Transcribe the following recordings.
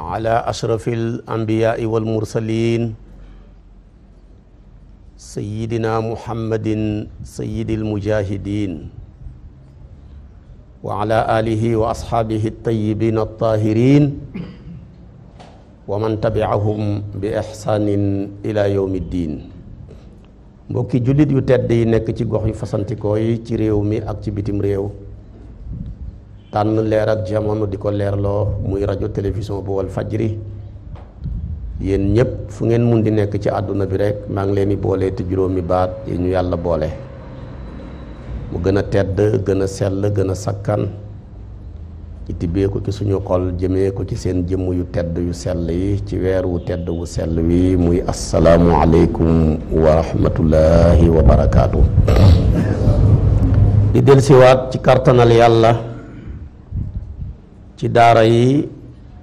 ala ashrafi al anbiyaai wal mursalin sayidina muhammadin sayidi almujahidin wa ala alihi wa ashaabihi altayibin altahirin wa man tabiahum bi ixsaanin ila yowmi ddin mbokki jullit yu tedd yi nekk ci gox yu fasantikoo yi ci réew mi ak ci bitim réew tànn leer ak jamono di ko leerloo muy rajo télévision bu wal fajri yéen ñëpp fu ngeen mun di nekk ci àdduna bi rek maa ngi leen di boole te juróomi baat yi ñu yàlla boole mu gën a tedd gën a sell gën a sakkan ci tibbee ci suñu xol jëmee ci seen jëmm yu tedd yu sell yi ci weer wu tedd wu sell wi muy asalaamu aleykum wa rahmatullahi wa barakaatu. di dellusiwaat ci kartanal yàlla. ci daara yi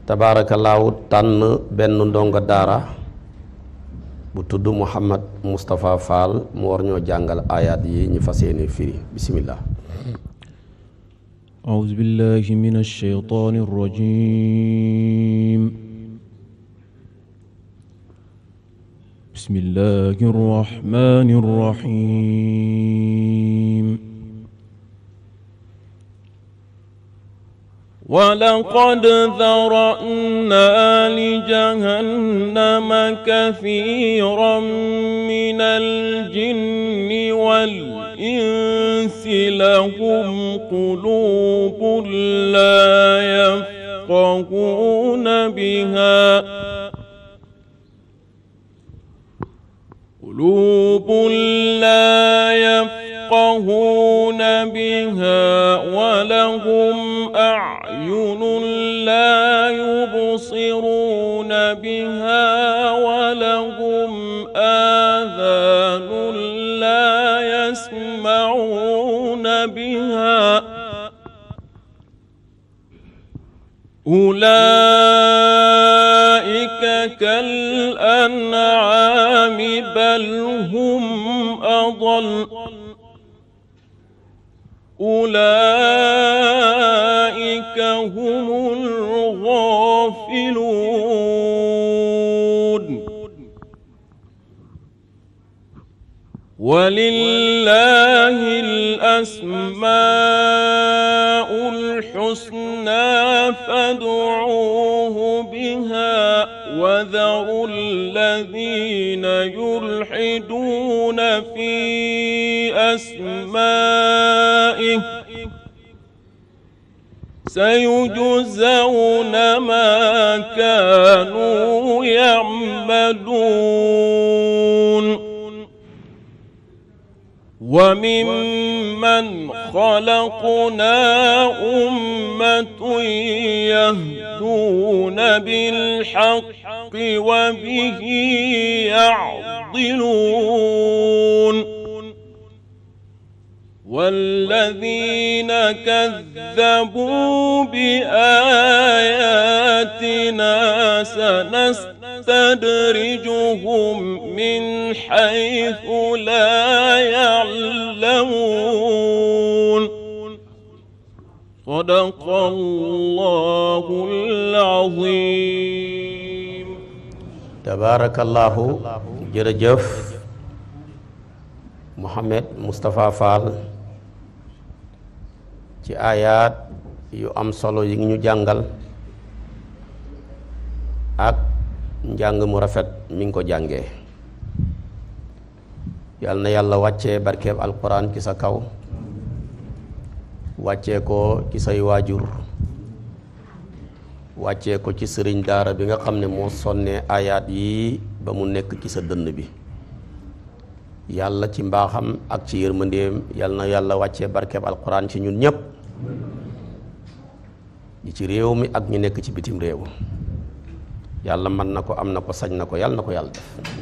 tabaarakallaahu tànn benn ndongo daara bu tudd Mouhamad Moustapha Fall mu war ñoo jàngal ayaat yi ñu fa yéene firi bisimilah. أعوذ بالله من الشيطان الرجيم بسم الله الرحمن الرحيم ولقد ذرأنا لجهنم كثيرا من الجن والإنس لهم قلوب لا يفقهون بها قلوب لا يفقهون بها أعين لا يبصرون بها ولهم آذان لا يسمعون بها أولئك كالذين ولله الأسماء الحسنى فادعوه بها وذروا الذين يلحدون في أسمائه سيجزون ما كانوا يعملون وممن خلقنا أمة يهدون بالحق وبه يعضلون والذين كذبوا بآياتنا سنست نستدرجهم من حيث لا يعلمون صدق الله العظيم تبارك الله jërëjëf Mohamed Moustapha Fall ci aayaat yu am solo yi ngi ñu jàngal ak njàng mu rafet mu ngi ko jàngee yal na yàlla wàcce barkeeb alquran ci sa kaw wàccee ko ci say waajur wàccee ko ci sëriñ daara bi nga xam ne moo sonnee ayaat yi ba mu nekk ci sa dënn bi yàlla ci mbaaxam ak ci yërmandeem yal na yàlla wàccee barkeeb alquran ci ñun ñépp ñi ci réew mi ak ñu nekk ci bitim réew yàlla mën na ko am na ko sañ na ko yàlla na ko yàlla def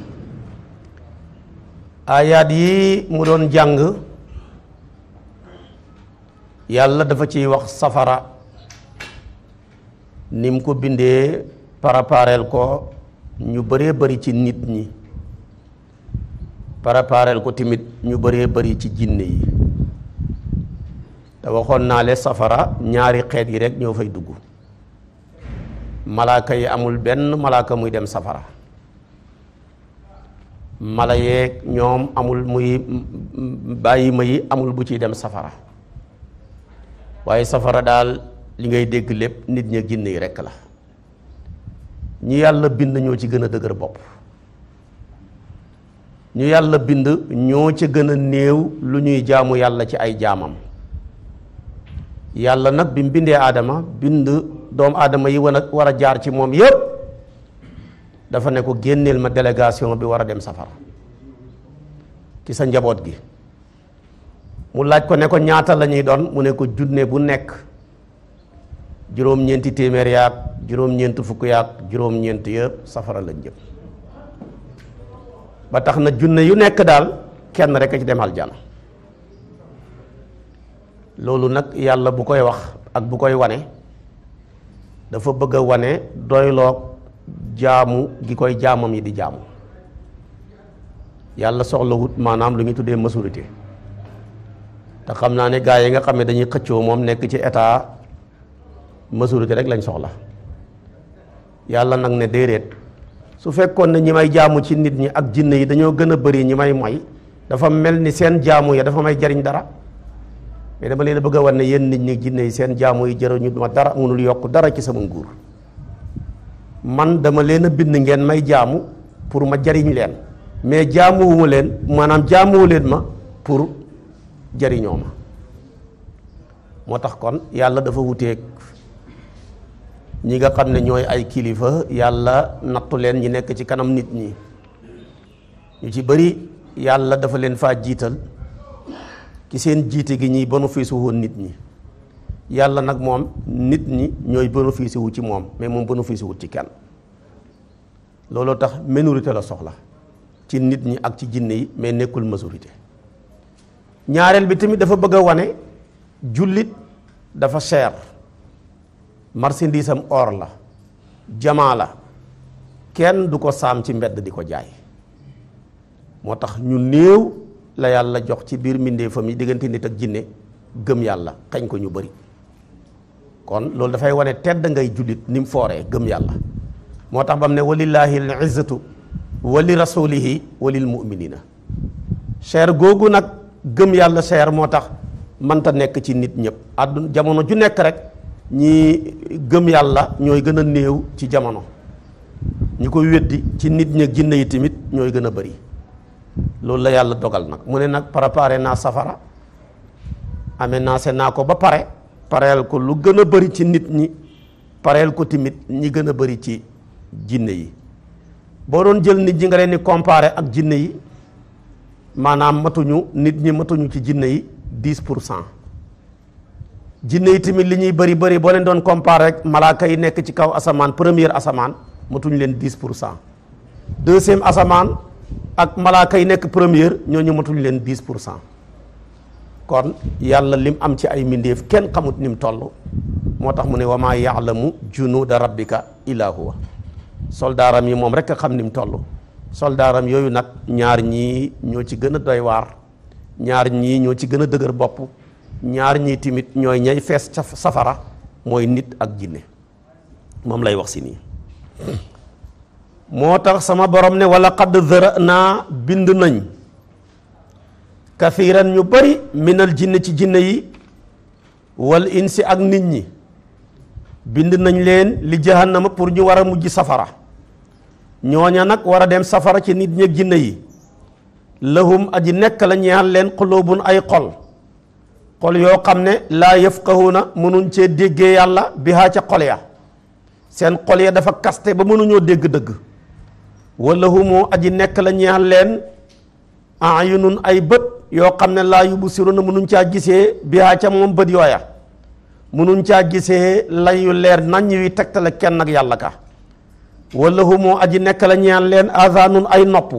aayaat yi mu doon jàng yàlla dafa ciy wax safara ni mu ko bindee parapareel ko ñu baree bari ci nit ñi parapareel ko tamit ñu baree bari ci jinne yi te waxoon naa le safara ñaari xeet yi rek ñoo fay dugg malaaka yi amul benn malaaka muy dem safara mala yee ñoom amul muy bàyyi ma yi amul bu ciy dem safara waaye safara daal li ngay dégg lépp nit ña gind yi rekk la ñu yàlla bind ñoo ci gën a dëgër bopp ñu yàlla bind ñoo ci gën a néew lu ñuy jaamu yàlla ci ay jaamam yàlla nag bi mu bindee aadama bind doomu aadama yi wan a war a jaar ci moom yëpp dafa ne ko génneel ma délégation bi war a dem safara ci sa njaboot gi mu laaj ko ne ko ñaata la ñuy doon mu ne ko junne bu nekk juróom-ñeenti téeméer yaag juróom-ñeent fukk yaag juróom-ñeent yëpp safara lañ jëm ba tax na junne yu nekk daal kenn rek a ci demal jana loolu nag yàlla bu koy wax ak bu koy wane dafa bëgg wane doyloog jaamu gi koy jaamam yi di jaamu yàlla soxlawut maanaam lu ñu tuddee majorité te xam naa ne gaa yi nga xam ne dañuy xëccoo moom nekk ci état majorité rek lañ soxla yàlla nag ne déedéet su fekkoon ne ñi may jaamu ci nit ñi ak jinne yi dañoo gën a bëri ñi may moy dafa mel ni seen jaamu yi dafa may jariñ dara mais dama leen bëgg a wan ne yéen nit ñi jinne yi seen jaamu yi jaruñu ma dara mënul yokk dara ci sama nguur man dama leen a bind ngeen may jaamu pour ma jariñ leen mais jaamuwuma leen maanaam jaamuwu leen ma pour jariñoo ma moo tax kon yàlla dafa wuteeg ñi nga xam ne ñooy ay kilifa yàlla nattu leen ñi nekk ci kanam nit ñi ñu ci bari yàlla dafa leen faa jiital ci seen jiite gi ñuy bénéfice woon nit ñi yàlla nag moom nit ñi ñooy bénéfice wu ci moom mais moom bénéfice wu ci kenn looloo tax minorité la soxla ci nit ñi ak ci jinne yi mais nekkul majorité ñaareel bi tamit dafa bëgg a wane jullit dafa cher marchandise am or la jamaa la kenn du ko saam ci mbedd di ko jaay moo tax ñu néew la yàlla jox ci biir mbindeefam yi diggante nit ak jinne gëm yàlla xañ ko ñu bari kon loolu dafay wane tedd ngay jullit ni fooree gëm yàlla moo tax ba mu ne walillahi al izzatu wali rasulihi walil muminina cher googu nag gëm yàlla cher moo tax mënta nekk ci nit ñëpp àdduna jamono ju nekk rek ñi gëm yàlla ñooy gën a néew ci jamono ñi ko weddi ci nit ña jinne yi tamit ñooy gën a bari loolu la yàlla dogal nag mu ne nag préparé naa safara aménagé naa ko ba pare pareel ko lu gën a bëri ci nit ñi pareel ko tamit ñi gën a bëri ci jinne yi boo doon jël nit ñi nga leen di ak jinne yi maanaam matuñu nit ñi matuñu ci jinne yi pour cent jinne yi tamit li ñuy bëri bëri boo leen doon comparé rek malaaka yi nekk ci kaw asamaan première asamaan matuñu leen dix pour cent deuxième asamaan ak malaaka yi nekk première ñooñu matuñ leen 10 pour cent kon yàlla lim am ci ay mbindeef kenn xamut ni mu toll moo tax mu ne wa maa yaalamu junuuda rabbika illaa huwa soldaaram yi moom rek a xam ni mu toll soldaaram yooyu nag ñaar ñii ñoo ci gën a doy waar ñaar ñii ñoo ci gën a dëgër bopp ñaar ñii timit ñooy ñay fees safara mooy nit ak jinne moom lay wax si nii moo tax sama borom ne wala xadd zara naa bind nañ kafiiran ñu bari minal jinne ci jinne yi wal insi ak nit ñi bind nañ leen li jahannama pour ñu war a mujj safara ñooña nag war a dem safara ci nit ñi ak jinne yi lahum aji nekk la ñaan leen xulóobun ay xol xol yoo xam ne laa na mënuñ cee déggee yàlla bi haa ca xol ya seen xol ya dafa kaste ba mënuñoo dégg dëgg wala humoo aji nekk la ñeexal leen ayunun ay bët yoo xam ne laa na mënuñ caa gisee bihaa ca moom bët yooya mënuñ caa gisee layu leer nañ wi tegtale kenn ak yàlla ka wala humoo aji nekk la ñeexal leen azaanun ay nopp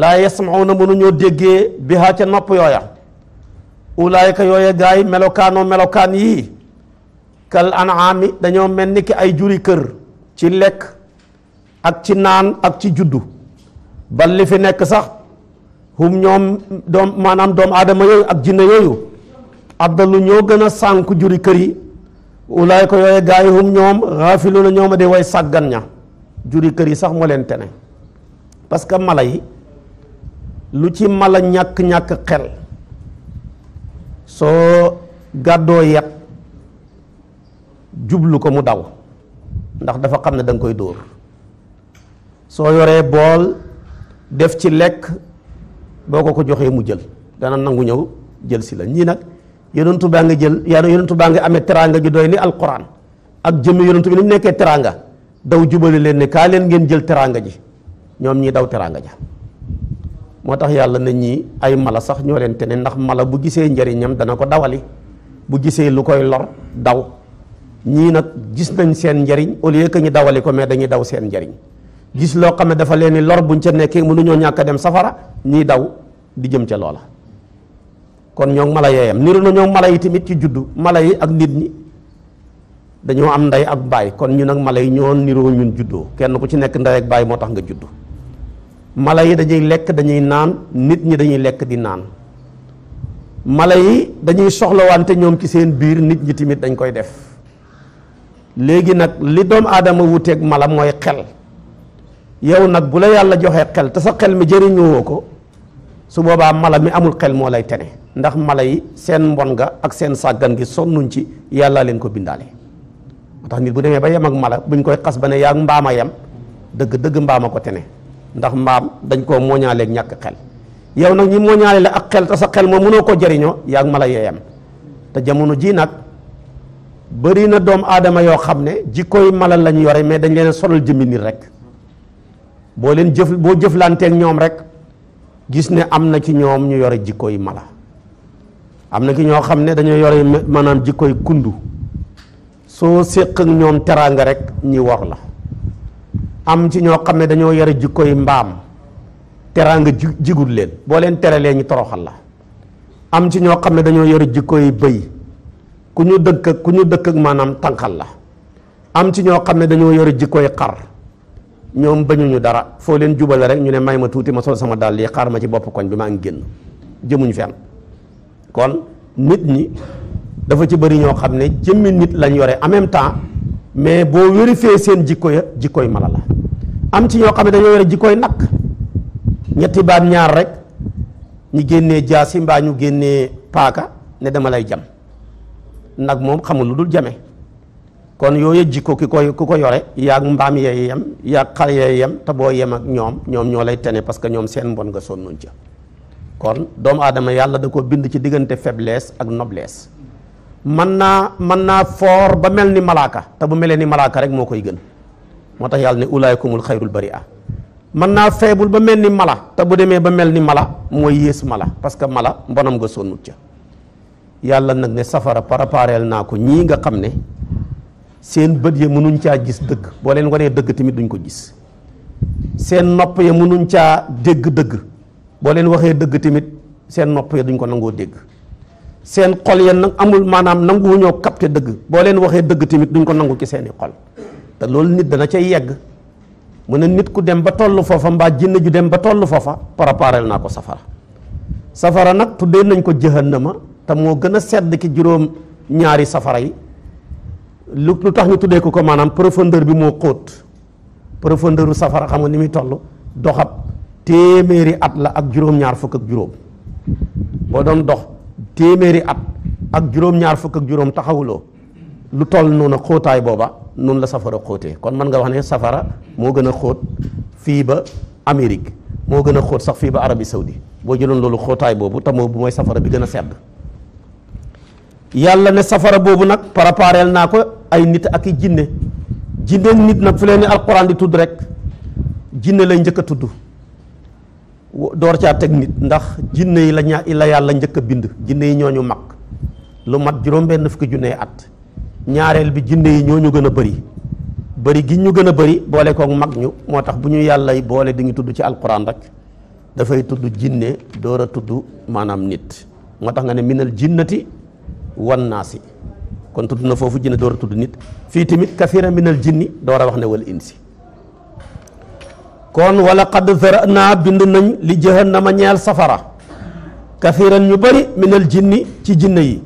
laa yasmauna mënuñoo déggee bihaa ca nopp yooya ulaayka yooya gaa melokaanoo melokaan yii kal anaami dañoo mel ni ki ay juri kër ci lekk ak ci naan ak ci juddu ba li fi nekk sax hum ñoom doom maanaam doom aadama yooyu ak jinne yooyu addalu ñoo gën a sànku juri kër yi ulaay ko yooye gaa yi hum ñoom xaafilu na ñooma di way sàggan ña juri kër yi sax moo leen tene parce que mala yi lu ci mala ñàkk-ñàkk xel soo gàddoo yet jublu ko mu daw ndax dafa xam ne danga koy dóor soo yoree bool def ci lekk boo ko ko joxee mu jël dana nangu ñëw jël si la ñii nag yonentu baa nga jël yaa yonentu baa nga amee teraanga ju doy ni alxuraan ak jëmmi yonentu bi ni mu nekkee teraanga daw jubale leen ne kaa leen ngeen jël teraanga ji ñoom ñii daw teraanga ja moo tax yàlla na ñii ay mala sax ñoo leen te ne ndax mala bu gisee njariñam dana ko dawali bu gisee lu koy lor daw ñii nag gis nañ seen njëriñ au lieu que ñu dawali ko mais dañuy daw seen njëriñ gis loo xam ne dafa leen ni lor buñ ca nekkee mënuñoo ñàkk dem safara ñiy daw di jëm ca loola kon ñoom mala yeeyam niru na mala yi tamit ci juddu mala yi ak nit ñi dañoo am ndey ak baay kon ñun ak mala yi ñoo niroo ñun juddoo kenn ku ci nekk ndey baay moo tax nga juddu mala yi dañuy lekk dañuy naan nit ñi dañuy lekk di naan mala yi dañuy soxlawante ñoom ci seen biir nit ñi tamit dañ koy def léegi nag li doomu aadama wuteeg mala mooy xel yow nag bu la yàlla joxee xel te sa xel mi jëriñoo ko su boobaa mala mi amul xel moo lay tene ndax mala yi seen mbon nga ak seen sàggan gi sonnuñ ci yàllaa leen ko bindaale moo tax nit bu demee ba yem mala buñ koy xas ba ne yaa mbaama yam dëgg dëgg mbaama ko tene ndax mbaam dañ koo mooñaaleeg ñàkk xel yow nag ñi mooñaale la ak xel te sa xel moom mënoo ko jariñoo yaa ak mala yeeyam te jamono jii nag bëri na doom aadama yoo xam ne jikkooy mala lañ yore mais dañ leen solal jëmmi nit rek boo leen jëf boo jëflanteeg ñoom rek gis ne am na ci ñoom ñu yore jikko yi mala am na ci ñoo xam ne dañoo yore maanaam jikko kundu soo séq ñoom teraanga rek ñi war la am ci ñoo xam ne dañoo yore jikko yi mbaam teraanga ji jigul leen boo leen teralee ñu toroxal la am ci ñoo xam ne dañoo yore jikko yi bëy ku ñu dëkk ku ñu dëkk ak maanaam tànqal la am ci ñoo xam ne dañoo yore jikko xar ñoom bañuñu dara foo leen jubale rek ñu ne may ma tuuti ma sol sama dàll yi xaar ma ci bopp koñ bi maa ngi génn jëmuñ kon nit ñi dafa ci bëri ñoo xam ne jëmmi nit lañ yore en même temps mais boo vérifier seen jikko ya jikkoy mala am ci ñoo xam ne dañoo yore jikkoy nag ñetti baat ñaar rek ñu génnee jaasi mbaa ñu génnee paaka ne dama lay jam nag moom xamul lu dul jame kon yooyu jikko ki koy ku ko yore yaag mbaam yee yem yaag xar yee yem te boo yem ak ñoom ñoom ñoo lay tene parce que ñoom seen mbon nga sonnuñ ca kon doomu aadama yàlla da ko bind ci diggante faiblesse ak noblees man naa man naa foor ba mel ni malaaka te bu melee ni malaaka rek moo koy gën moo tax yàlla ne ulaayikumul xayrul bari ah man naa feebul ba mel ni mala te bu demee ba mel ni mala mooy yées mala parce que mala mbonam nga sonnut ca yàlla nag ne safara préparel naa ko ñii nga xam ne seen bët ya mënuñ caa gis dëgg boo leen waree dëgg tamit duñ ko gis seen nopp ya mënuñ caa dégg dëgg boo leen waxee dëgg tamit seen nopp ya duñ ko nangoo dégg seen xol ya nag amul maanaam nanguwuñoo capté dëgg boo leen waxee dëgg tamit duñ ko nangu ci seeni xol te loolu nit dana cay yegg mu ne nit ku dem ba toll foofa mbaa jinne ju dem ba toll foofa préparel naa ko safara safara nag tuddee nañ ko jahannama te moo gën a sedd ki juróom ñaari safara yi lu lu tax nga tuddee ko ko maanaam profondeur bi moo xóot profondeur safara xam nga ni muy toll doxab téeméeri at la ak juróom-ñaar fukk ak juróom boo doon dox téeméeri at ak juróom fukk ak juróom taxawuloo lu toll noonu xóotaay booba noonu la safara xóotee kon man nga wax ne safara moo gën a xóot fii ba Amérique moo gën a xóot sax fii ba Arabie Saoudi boo jëloon loolu xóotaay boobu te moo bu mooy safara bi gën a sedd yàlla ne safara boobu nag préparel naa ko ay nit ak yi jinne jinne nit nag fu leen ni alquran di tudd rek jinne lay njëkk a tudd door caa teg nit ndax jinne yi la yàlla njëkk a bind jinne yi ñoo ñu mag lu mat juróom-benn fukki junne at ñaareel bi jinne yi ñoo ñu gën a bëri bari gi ñu gën a bëri boole koog mag ñu moo tax bu ñu yàllay boole di ñu tudd ci alquran rek dafay tudd jinne door a tudd maanaam nit moo tax nga ne minal jinnati wan naasi kon tudd na foofu jinne door a tudd nit fii tamit kasira minal jinni door a wax ne wal insi kon wala qad zara'naa bind nañ li jahannama ñeel safara kathiran ñu bari minal jinni ci jinne yi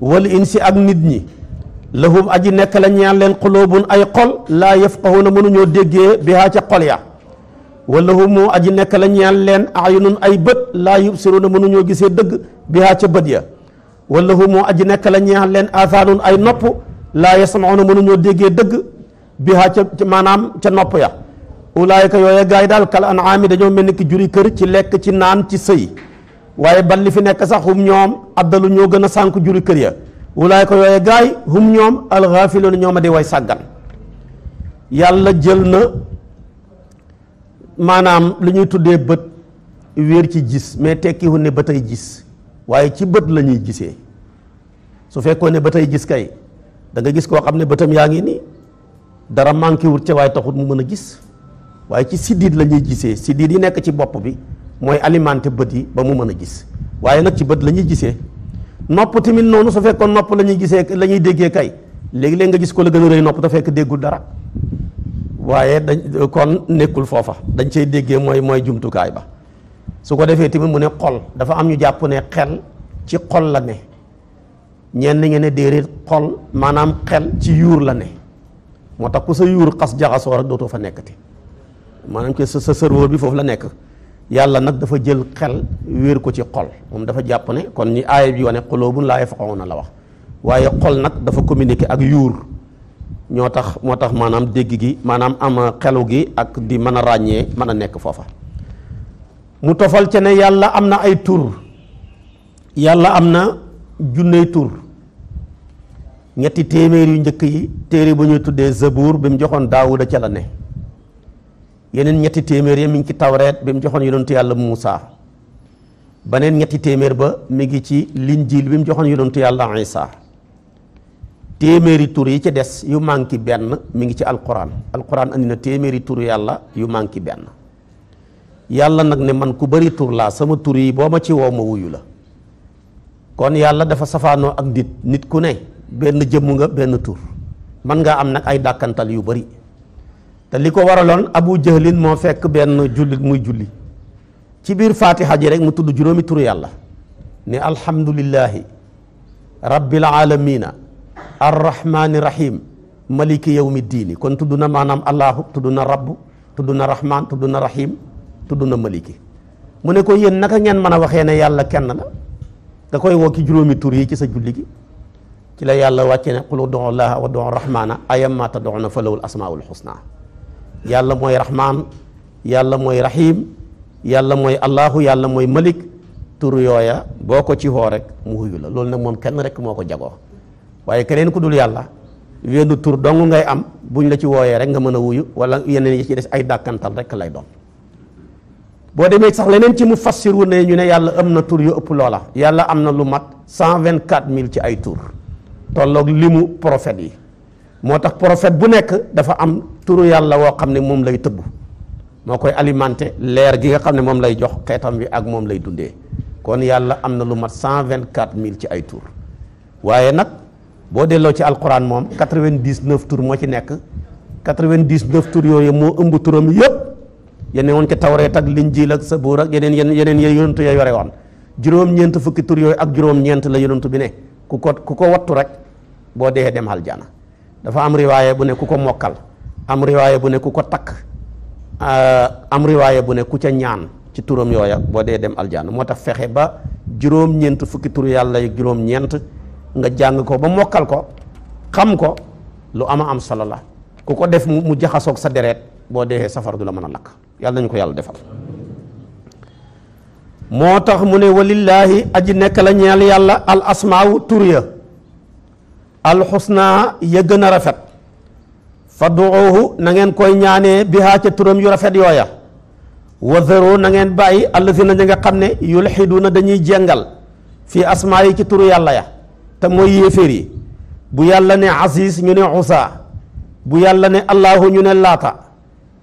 wal insi ak nit ñi lahum aji nekk la ñeel leen qulubun ay xol laa na mënuñoo déggee bihaa ca xol ya wa lahum aji nekk la ñeel leen ayunun ay bët laa yubsiruuna mënuñoo gisee dëgg bihaa ca bët ya wala hu moo aji nekk la ñeexal leen asaanun ay nopp laa yasmauna mënuñoo déggee dëgg biha ca maanaam ca nopp ya ulaayika yooye gars yi daal kal anaami dañoo mel ni ki juri kër ci lekk ci naan ci sëy waaye bal li fi nekk sax hum ñoom addalu ñoo gën a sànk juri kër ya ulaayika yooye gars yi hum ñoom alxaafiloon ñoom a di way sàggan yàlla jël na maanaam li ñuy tuddee bët wéer ci gis mais tekkiwul ne ba tey gis waaye ci bët la ñuy gisee su fekkoon ne ba tey gis kay danga gis koo xam ne bëtam yaa ngi nii dara manqué wut ca waaye taxut mu mën a gis waaye ci siddiit lañuy ñuy gisee siddiit yi nekk ci bopp bi mooy alimenté bët yi ba mu mën a gis waaye nag ci bët la ñuy gisee nopp tamit noonu su fekkoon nopp la ñuy gisee la ñuy déggee kay léegi-léeg nga gis ko la gën a rëy nopp te fekk déggul dara waaye dañ kon nekkul foofa dañ cay déggee mooy mooy jumtukaay ba su ko defee tamit mu ne xol dafa am ñu jàpp ne xel ci xol la ne ñenn ñi ne déedéet xol maanaam xel ci yuur la ne moo tax ku sa yuur xas jaxasoo rek dootoo fa nekk ti maanaam ke sa sa serveur bi foofu la nekk yàlla nag dafa jël xel wéer ko ci xol moom dafa jàpp ne kon ñi aaya bi wane xulóobun laa yafqahuuna la wax waaye xol nag dafa communiqué ak yuur ñoo tax moo tax maanaam dégg gi maanaam am xelu gi ak di mën a ràññee mën a nekk foofa mu tofal ca ne yàlla am na ay tur yàlla am na junney tur ñetti téeméer yu njëkk yi téere ba ñuy tuddee zabuur bi mu joxoon daawuda ca la ne yeneen ñetti téeméer ya mi ngi ci tawreet bi mu joxoon yonentu yàlla muusa neen ñetti téeméer ba mi ngi ci linjiil bi mu joxoon yonentu yàlla isa téeméeri tur yi ci des yu manqué benn mi ngi ci alxuraan alquran andi téeméeri tur yàlla yu manqué benn yàlla nag ne man ku bari tur laa sama tur yi boo ma ci woo ma wuyu la kon yàlla dafa safaanoo ak dit nit ku ne benn jëmm nga benn tur man ngaa am nag ay dàkkantal yu bari te li ko waraloon abu jahlin moo fekk benn jullit muy julli ci biir faatiha ji rek mu tudd juróomi turu yàlla ne alhamdulillahi rabbil alamina arrahmani rahim maliki yawmi diini kon tudd na maanaam allahu tudd na rabbu tudd na rahman tudd na maliki mu ne ko yéen naka ngeen mën a waxee ne yàlla kenn la nga koy woo ki juróomi tur yi ci sa julli gi ci la yàlla wàcce ne qul ud'u llaha wa ud'u rahmana ayyamma tad'una falahul asmaul husna yàlla mooy rahman yàlla mooy rahim yàlla mooy allahu yàlla mooy malik tur yooya boo ko ci woo rek mu la loolu nag moom kenn rek moo ko jagoo waaye keneen ku dul yàlla wenn tur dong ngay am bu buñ la ci wooyee rek nga mën a wuyu wala yeneen yi ci des ay dàkkantal rek lay doon boo demee sax leneen ci mu fassiru ne ñu ne yàlla am na tour yu ëpp loola yàlla am na lu mat cent vingt quatre mille ci ay tur li mu prophète yi moo tax prophète bu nekk dafa am turu yàlla woo xam ne moom lay tëbb moo koy alimenté leer gi nga xam ne moom lay jox xeetam wi ak moom lay dundee kon yàlla am na lu mat cent vingt quatre mille ci ay tur waaye nag boo delloo ci alquran moom quatre vingt dix neuf tur moo ci nekk quatre vingt dix neuf yooyu moo ëmb turam yëpp. yene woon ca tawreet ak linjiil sa sabuur ak yeneen yeneen yeneen ya yonentu ya yore woon juróom-ñeent fukki tur yooyu ak juróom-ñeent la yonentu bi ne ku ko ku ko wattu rek boo dee dem aljana dafa am riwaaye bu ne ku ko mokkal am riwaaye bu ne ku ko takk euh, am riwaaye bu ne ku ca ñaan ci turam yooya boo dee dem aljana moo tax fexe ba juróom-ñeent fukki tur lay ak juróom-ñeent nga jàng ko ba mokkal ko xam ko lu ama am solo la ku ko def mu jaxasoog sa deret boo dee safar du la mën a lakk yàlla nañu ko yàlla defal moo tax mu ne walillaahi aji nekk la yàlla al asmaaw tur ya alxusnaa ya gën a rafet faduuhu na ngeen koy ñaanee bihaa ca turam yu rafet yooya wa zero ngeen bàyyi allazina na nga xam ne yulxiduuna dañuy jengal fii asmaa yi ci turu yàlla ya te mooy yéeféer yi bu yàlla ne aziz ñu ne usa bu yàlla ne allahu ñu ne laata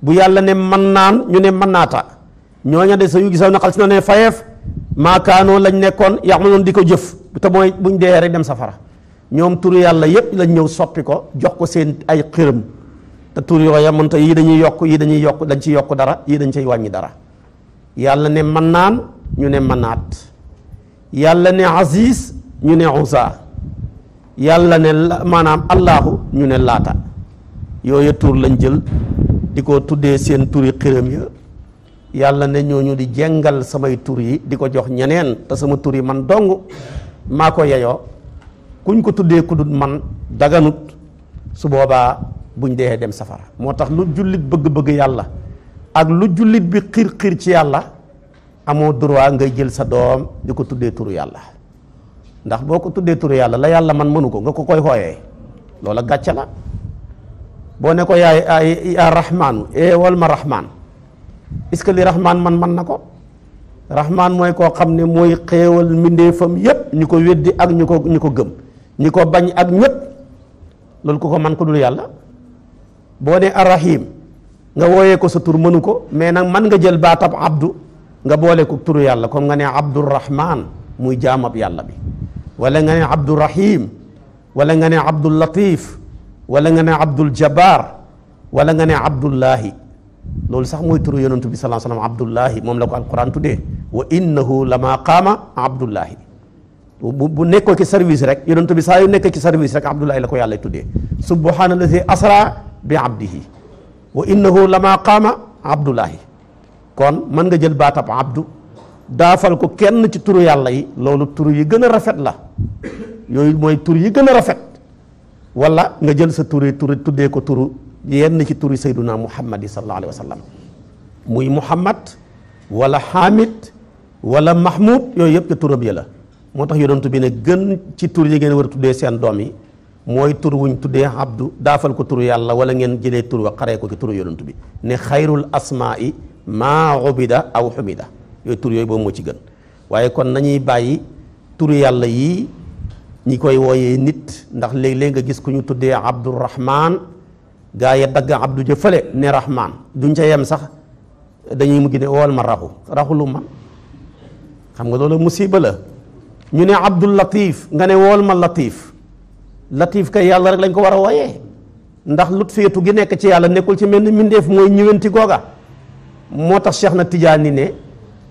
bu yàlla ne man naan ñu ne man naata ñooña de sa yu gisaw na xal si na ne fayeef maakaanoo lañ nekkoon yax ma noon di ko jëf te bu ñu dee rek dem safara ñoom turu yàlla yëpp lañ ñëw soppi ko jox ko seen ay xërëm te tur yooya mën te yii dañuy yokk yii dañuy yokk dañ ci yokk dara yi dañ ciy wàññi dara yàlla ne man naan ñu ne manaat yàlla ne aziz ñu ne usa yàlla ne maanaam allahu ñu ne laata yooya tur lañ jël di ko tuddee seen turi xërëm ya yàlla ne ñooñu di jengal samay tur yi di ko jox ñeneen te sama tur yi man dong maa ko yeyoo kuñ ko tuddee kudut man daganut su boobaa buñ dee dem safara moo tax lu jullit bëgg-bëgg yàlla ak lu jullit bi xiir xiir ci yàlla amoo droit ngay jël sa doom di ko tuddee turu yàlla ndax boo ko tuddee turu yàlla la yàlla man mënu ko nga ko koy xooyee loola gàcce la boo ne ko yaay ay yaa rahmaan eewal ma rahmaan est-ce que li rahmaan man man na ko rahmaan mooy koo xam ne mooy xéewal mbindeefam yépp ñu ko weddi ak ñu ko ñu ko gëm ñu ko bañ ak ñépp loolu ko ko man ko dul yàlla boo ne arrahim nga wooyee ko sa tur mënu ko mais nag man nga jël baatab abdu nga boole ko turu yàlla comme nga ne abdurahman muy jaamab yàlla bi wala nga ne abdurahim wala nga ne abdulatif wala nga ne Abdul Jabbar wala nga ne Abdullahi loolu sax mooy turu yonantu bi sallallahu alayhi wasallam Abdullahi moom la ko alquran tuddee wa innahu lama qaama Abdullahi bu bu nekkoo ci service rek yonantu bi saa yu nekk ci service rek Abdullahi la ko yàlla tuddee subhaana allazi asra bi abdihi wa innahu lama qaama Abdullahi kon mën nga jël baatab abdu daafal ko kenn ci turu yàlla yi loolu turu yi gën a rafet la yooyu mooy tur yi gën a rafet. wala nga jël sa turi turi tuddee ko turu yenn ci turi sayduna muhammad yi sallallahu alayhi wa sallam muy muhammad wala hamid wala mahmud yooyu yëpp ca turam yi la moo tax yonent bi ne gën ci tur yi ngeen war a tuddee seen doom yi mooy tur wuñ tuddee abdu daafal ko turu yàlla wala ngeen jëlee tur wa xaree ko ci turu yonent bi ne xayrul asmaa i maa ubida aw xumida yooyu tur yooyu boobu moo ci gën waaye kon nañuy bàyyi turu yàlla yii ñi koy wooyee nit ndax léeg-léeg nga gis ku ñu tuddee abdurahman gaa ya dagg abdu ja fële ne rahman duñ ca yem sax dañuy mujj ne wool ma raxu raxu ma xam nga loolu musiba la ñu ne abdul latif nga ne wool ma latif latif kay yàlla rek lañ ko war a wooyee ndax lut féetu gi nekk ci yàlla nekkul ci mel ni mbindeef mooy ñëwenti googa moo tax Cheikh na Tijaani ne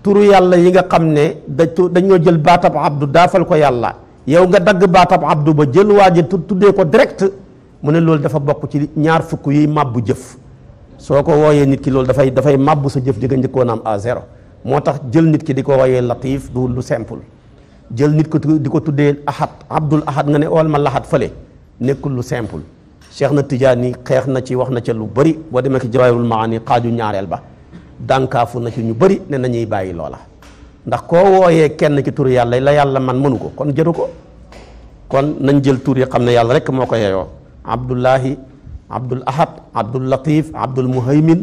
turu yàlla yi nga xam ne dañ dañoo jël baatab abdu daafal ko yàlla yow nga dagg baatab abdu ba jël waa ji tuddee ko direct mu ne loolu dafa bokk ci ñaar fukk yi màbbu jëf soo ko wooyee nit ki loolu dafay dafay màbbu sa jëf di nga njëkkoon am à zéro moo tax jël nit ki di ko wooyee latif du lu sempul jël nit ko di ko tuddee ahad abdul ahad nga ne ool ma lahat fële nekkul lu simple cheikh na tijaani xeex na ci wax na ca lu bëri boo demee ci jawaahirul maani xaaju ñaareel ba dànkaafu na ci ñu bëri ne nañuy bàyyi loola ndax koo wooyee kenn ci tur yàlla la yàlla man mënu ko kon jëru ko kon nañ jël tur yi xam ne yàlla rek moo ko yeyoo abdullahi abdul ahad abdul latif abdul muhaymin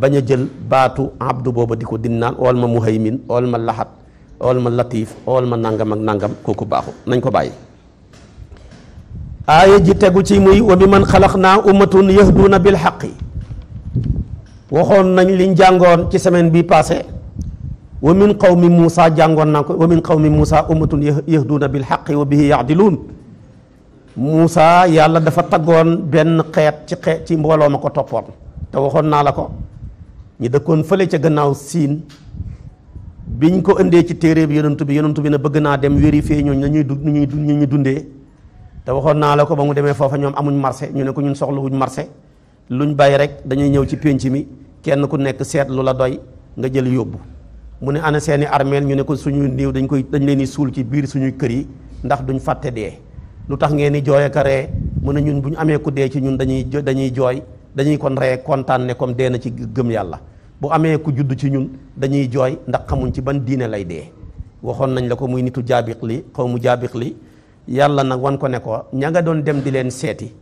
bañ a jël baatu abdu booba di ko dinnaan ool ma muhaymin ool ma lahat ool ma latif ool ma nangam ak nangam kooku baaxu nañ ko bàyyi aaya ji tegu ci muy wa bi man xalaq naa ummatun yahduuna bil xaqi waxoon nañ liñ jàngoon ci semaine bi passé wa xaw qawmi Moussa jàngoon naa ko wa min qawmi Moussa ummatun yahduuna bil xaqi wa bihi yaadiluun Moussa yàlla dafa taggoon benn xeet ci xeet ci mbooloo ma ko toppoon te waxoon naa la ko ñu dëkkoon fële ca gannaaw siin bi biñ ko indee ci téere bi yonentu bi yonentu bi ne bëgg naa dem vérifier ñooñ la ñuy dund ñuy dund ñu dundee te waxoon naa la ko ba mu demee foofa ñoom amuñ marché ñu ne ko ñun soxlawuñ marché luñ bàyyi rek dañuy ñëw ci pénc mi kenn ku nekk seet lu la doy nga jël yóbbu. mu ne ana seeni armeel ñu ne ko suñuy néew dañ koy dañ leen di suul ci biir suñuy kër yi ndax duñ fàtte dee lu tax ngeen di jooy ak a mu ne ñun bu ñu amee ku dee ci ñun dañuy dañuy jooy dañuy kon ree kontaan ne comme dee na ci gëm yàlla bu amee ku juddu ci ñun dañuy jooy ndax xamuñ ci ban diine lay dee waxoon nañ la ko muy nitu jaabiq li xaw mu jaabiq li yàlla nag wan ko ne ko ña nga doon dem di leen seeti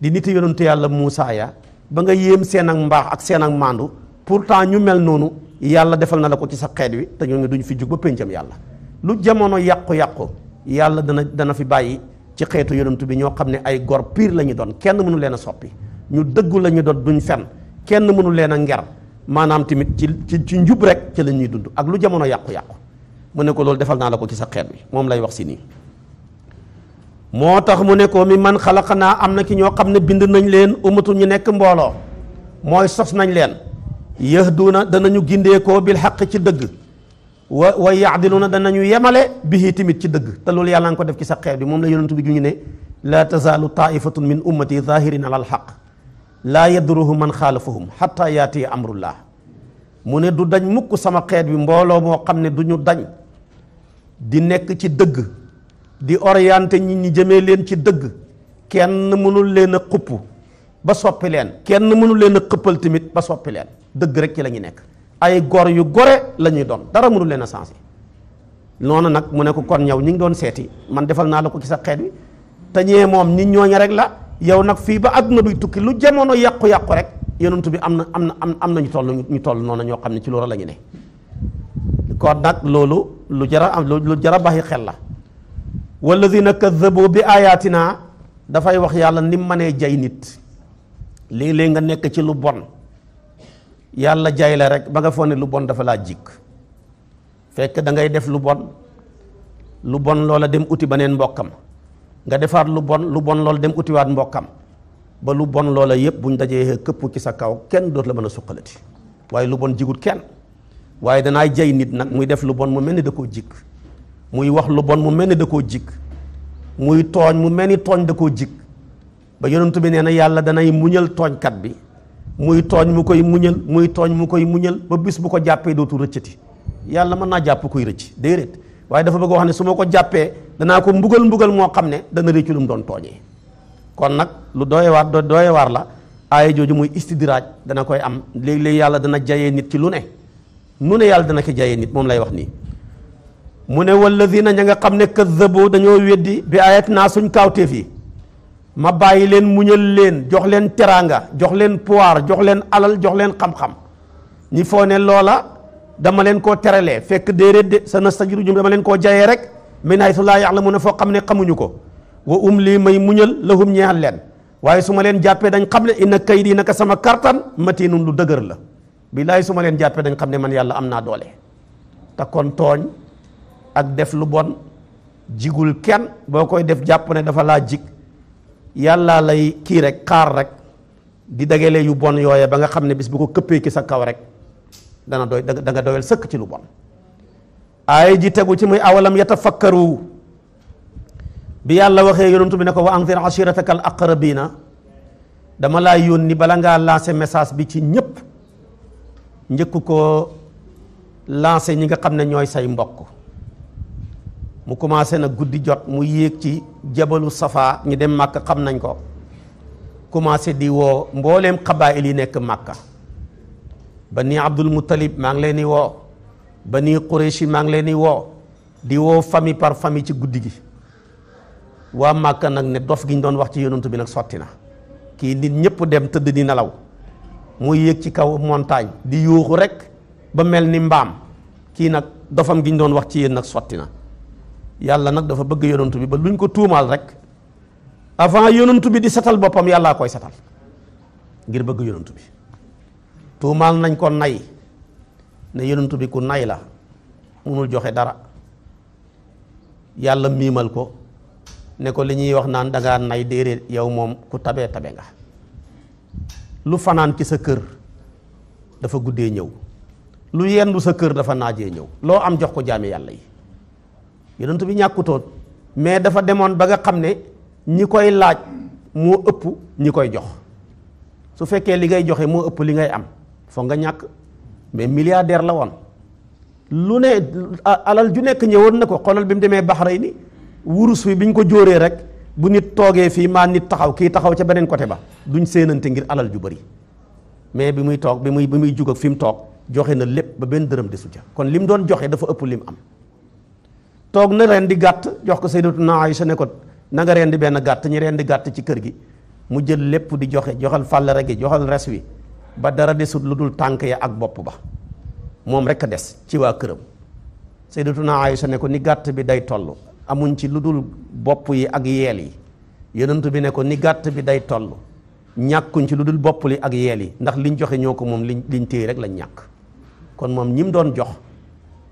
di nitu yonentu yàlla Muusaa ya ba nga yéem seen ak mbaax ak seen ak maandu pourtant ñu mel noonu yàlla defal na la ko ci sa xeet wi te ñooñu duñ fi jug ba péncam yàlla lu jamono yàqu-yàqu yàlla dana dana fi bàyyi ci xeetu yonent bi ñoo xam ne ay gor piir la ñu doon kenn mënu leen a soppi ñu dëggu la ñu doon duñ fen kenn mënu leen a nger maanaam tamit ci ci ci njub rek ci la ñuy dund ak lu jamono yàqu-yàqu mu ne ko loolu defal naa la ko ci sa xeet wi moom lay wax si nii moo tax mu ne ko mi man xalaqa naa am na ki ñoo xam ne bind nañ leen umatu ñu nekk mbooloo mooy sos nañ leen yahduuna danañu gindeekoo bil xaq ci dëgg wa wa yaadiluuna danañu yemale bihi tamit ci dëgg te loolu yàlla nga ko def ci sa xeet bi moom la yonent bi ju ñu ne laa tazaalu taifatun min ummati zahirin ala alxaq laa yadruhu man xaalafahum xatta yaatiya amrullah mu ne du dañ mukk sama xeet bi mbooloo moo xam ne du ñu dañ di nekk ci dëgg di orienté ñi ñi jëmee leen ci dëgg kenn mënul leen a xupp ba soppi leen kenn mënu leen a xëppal tamit ba soppi leen dëgg rek ci lañuy nekk ay gor yu gore la ñuy doon dara mënu leen a changé noonu nag mu ne ko kon ñëw ñi ngi doon seeti man defal naa la ko ci sa xeet te ñee moom nit ñooñu rek la yow nag fii ba àdduna buy tukki lu jamono yàqu-yàqu rek yonent bi am na am na am na ñu toll ñu toll noonu ñoo xam ne ci loolu lañu ñu ne kon nag loolu lu jara am lu jara baxi xel la walladina kaddabu bi ayatina dafay wax yàlla ni mu mënee jay nit léeg nga nekk ci lu bon yàlla jaay la rek ba nga foog ne lu bon dafa laa jikk fekk da ngay def lu bon lu bon loola dem uti beneen mbokkam nga defaat lu bon lu bon loola dem utiwaat mbokkam ba lu bon loola yëpp buñ dajee këpp ci sa kaw kenn doot la mën a suqalati waaye lu bon jigut kenn waaye danaay jay nit nag muy def lu bon mu mel ni da koo jikk muy wax lu bon mu mel ni da koo jikk muy tooñ mu mel ni tooñ da koo jikk ba yonent bi nee na yàlla danay muñal tooñkat bi muy tooñ mu koy muñal muy tooñ mu koy muñal ba bis bu ko jàppee dootu rëccati yàlla mën naa jàpp kuy rëcc déedéet waaye dafa bëgg wax ne su ma ko jàppee danaa ko mbugal mbugal moo xam ne dana rëccu lu mu doon tooñee kon nag lu dooye waar dooye waar la aaye jooju muy istidraaj dana koy am léeg-léeg yàlla dana jaye nit ci lu ne nu ne yàlla dana ko jayee nit moom lay wax nii mu ne walladina ña nga xam ne kazzabu dañoo weddi bi ayatina suñ kaawteef yi ma bàyyi leen muñal leen jox leen teraanga jox leen pouvoir jox leen alal jox leen xam-xam ñi foo ne loola dama leen koo teralee fekk déedéet de sa nastajiru dama leen koo jayee rek min haysu laa ya'lamuuna foo xam ne xamuñu ko wa um lii may muñal lahum ñeexal leen waaye su ma leen jàppee dañ xam ne inna kaydii naka sama kartan matinun lu dëgër la bi laay su ma leen jàppee dañ xam ne man yàlla am naa doole te kon tooñ ak def lu bon jigul kenn boo koy def jàpp ne dafa laa jig yàlla lay kii rek xaar rek di dagale yu bon yooye ba nga xam ne bis bu ko këppee ki sa kaw rek dana doy da nga doyal sëkk ci lu bon aay ji tegu ci muy awalam yatafakkaru bi yàlla waxee yonentu bi ne ko wa anzir ashirataka al aqrabina dama laa yónni bala ngaa lancé message bi ci ñëpp njëkk ko lancé ñi nga xam ne ñooy say mbokk mu commencé nag guddi jot mu yéeg ci jabalu safaa ñu dem màkk xam nañ ko commencé di woo mbooleem xabaayil yi nekk màkk ba nii abdul muttalib maa ngi leen di woo ba nii qurayshi maa ngi leen di woo di woo famille par famille ci guddi gi waa màkka nag ne dof gi ñu doon wax ci yonantu bi nag sotti na kii nit ñëpp dem tëdd di nelaw mu yéeg ci kaw montagne di yuuxu rek ba mel ni mbaam kii nag dofam gi ñu doon wax ci yéen nag sotti na yàlla nag dafa bëgg yonantu bi ba luñ ko tuumaal rek avant yonantu bi di satal boppam yàllaa koy setal ngir bëgg yonantu bi tuumaal nañ ko nay ne yonantu bi ku nay la munul joxe dara yàlla miimal ko ne ko li ñuy wax naan dangaa nay déedéet yow moom ku tabee tabe nga lu fanaan ci sa kër dafa guddee ñëw lu yendu sa kër dafa naajee ñëw loo am jox ko jaami yàlla yi yonent bi ñàkkutoon mais dafa demoon ba nga xam ne ñi koy laaj moo ëpp ñi koy jox su fekkee li ngay joxe moo ëpp li ngay am foog nga ñàkk mais milliardaire la woon lu ne alal ju nekk ñëwoon na ko xoolal bi mu demee bax rey ni wurus wi bi ñu ko jóoree rek bu nit toogee fii maa nit taxaw kii taxaw ca beneen côté ba duñ séenante ngir alal ju bari mais bi muy toog bi muy bi muy jug ak fi mu toog joxe na lépp ba benn dërëm desu ca kon li mu doon joxe dafa ëpp lim am toog na ren di gàtt jox ko sayyidatuna Aïcha ne ko na nga ren di benn gàtt ñi ren di gàtt ci kër gi mu jël lépp di joxe joxal fàllare gi joxal res wi ba dara desut lu dul tànk ya ak bopp ba moom rek a des ci waa këram sayyidatuna Aïcha ne ko ni gàtt bi day toll amuñ ci lu dul bopp yi ak yeel yi yonent bi ne ko ni gàtt bi day toll ñàkkuñ ci lu dul bopp li ak yeel yi ndax liñ joxe ñoo ko moom liñ liñ téye rek lañ ñàkk kon moom ñi mu doon jox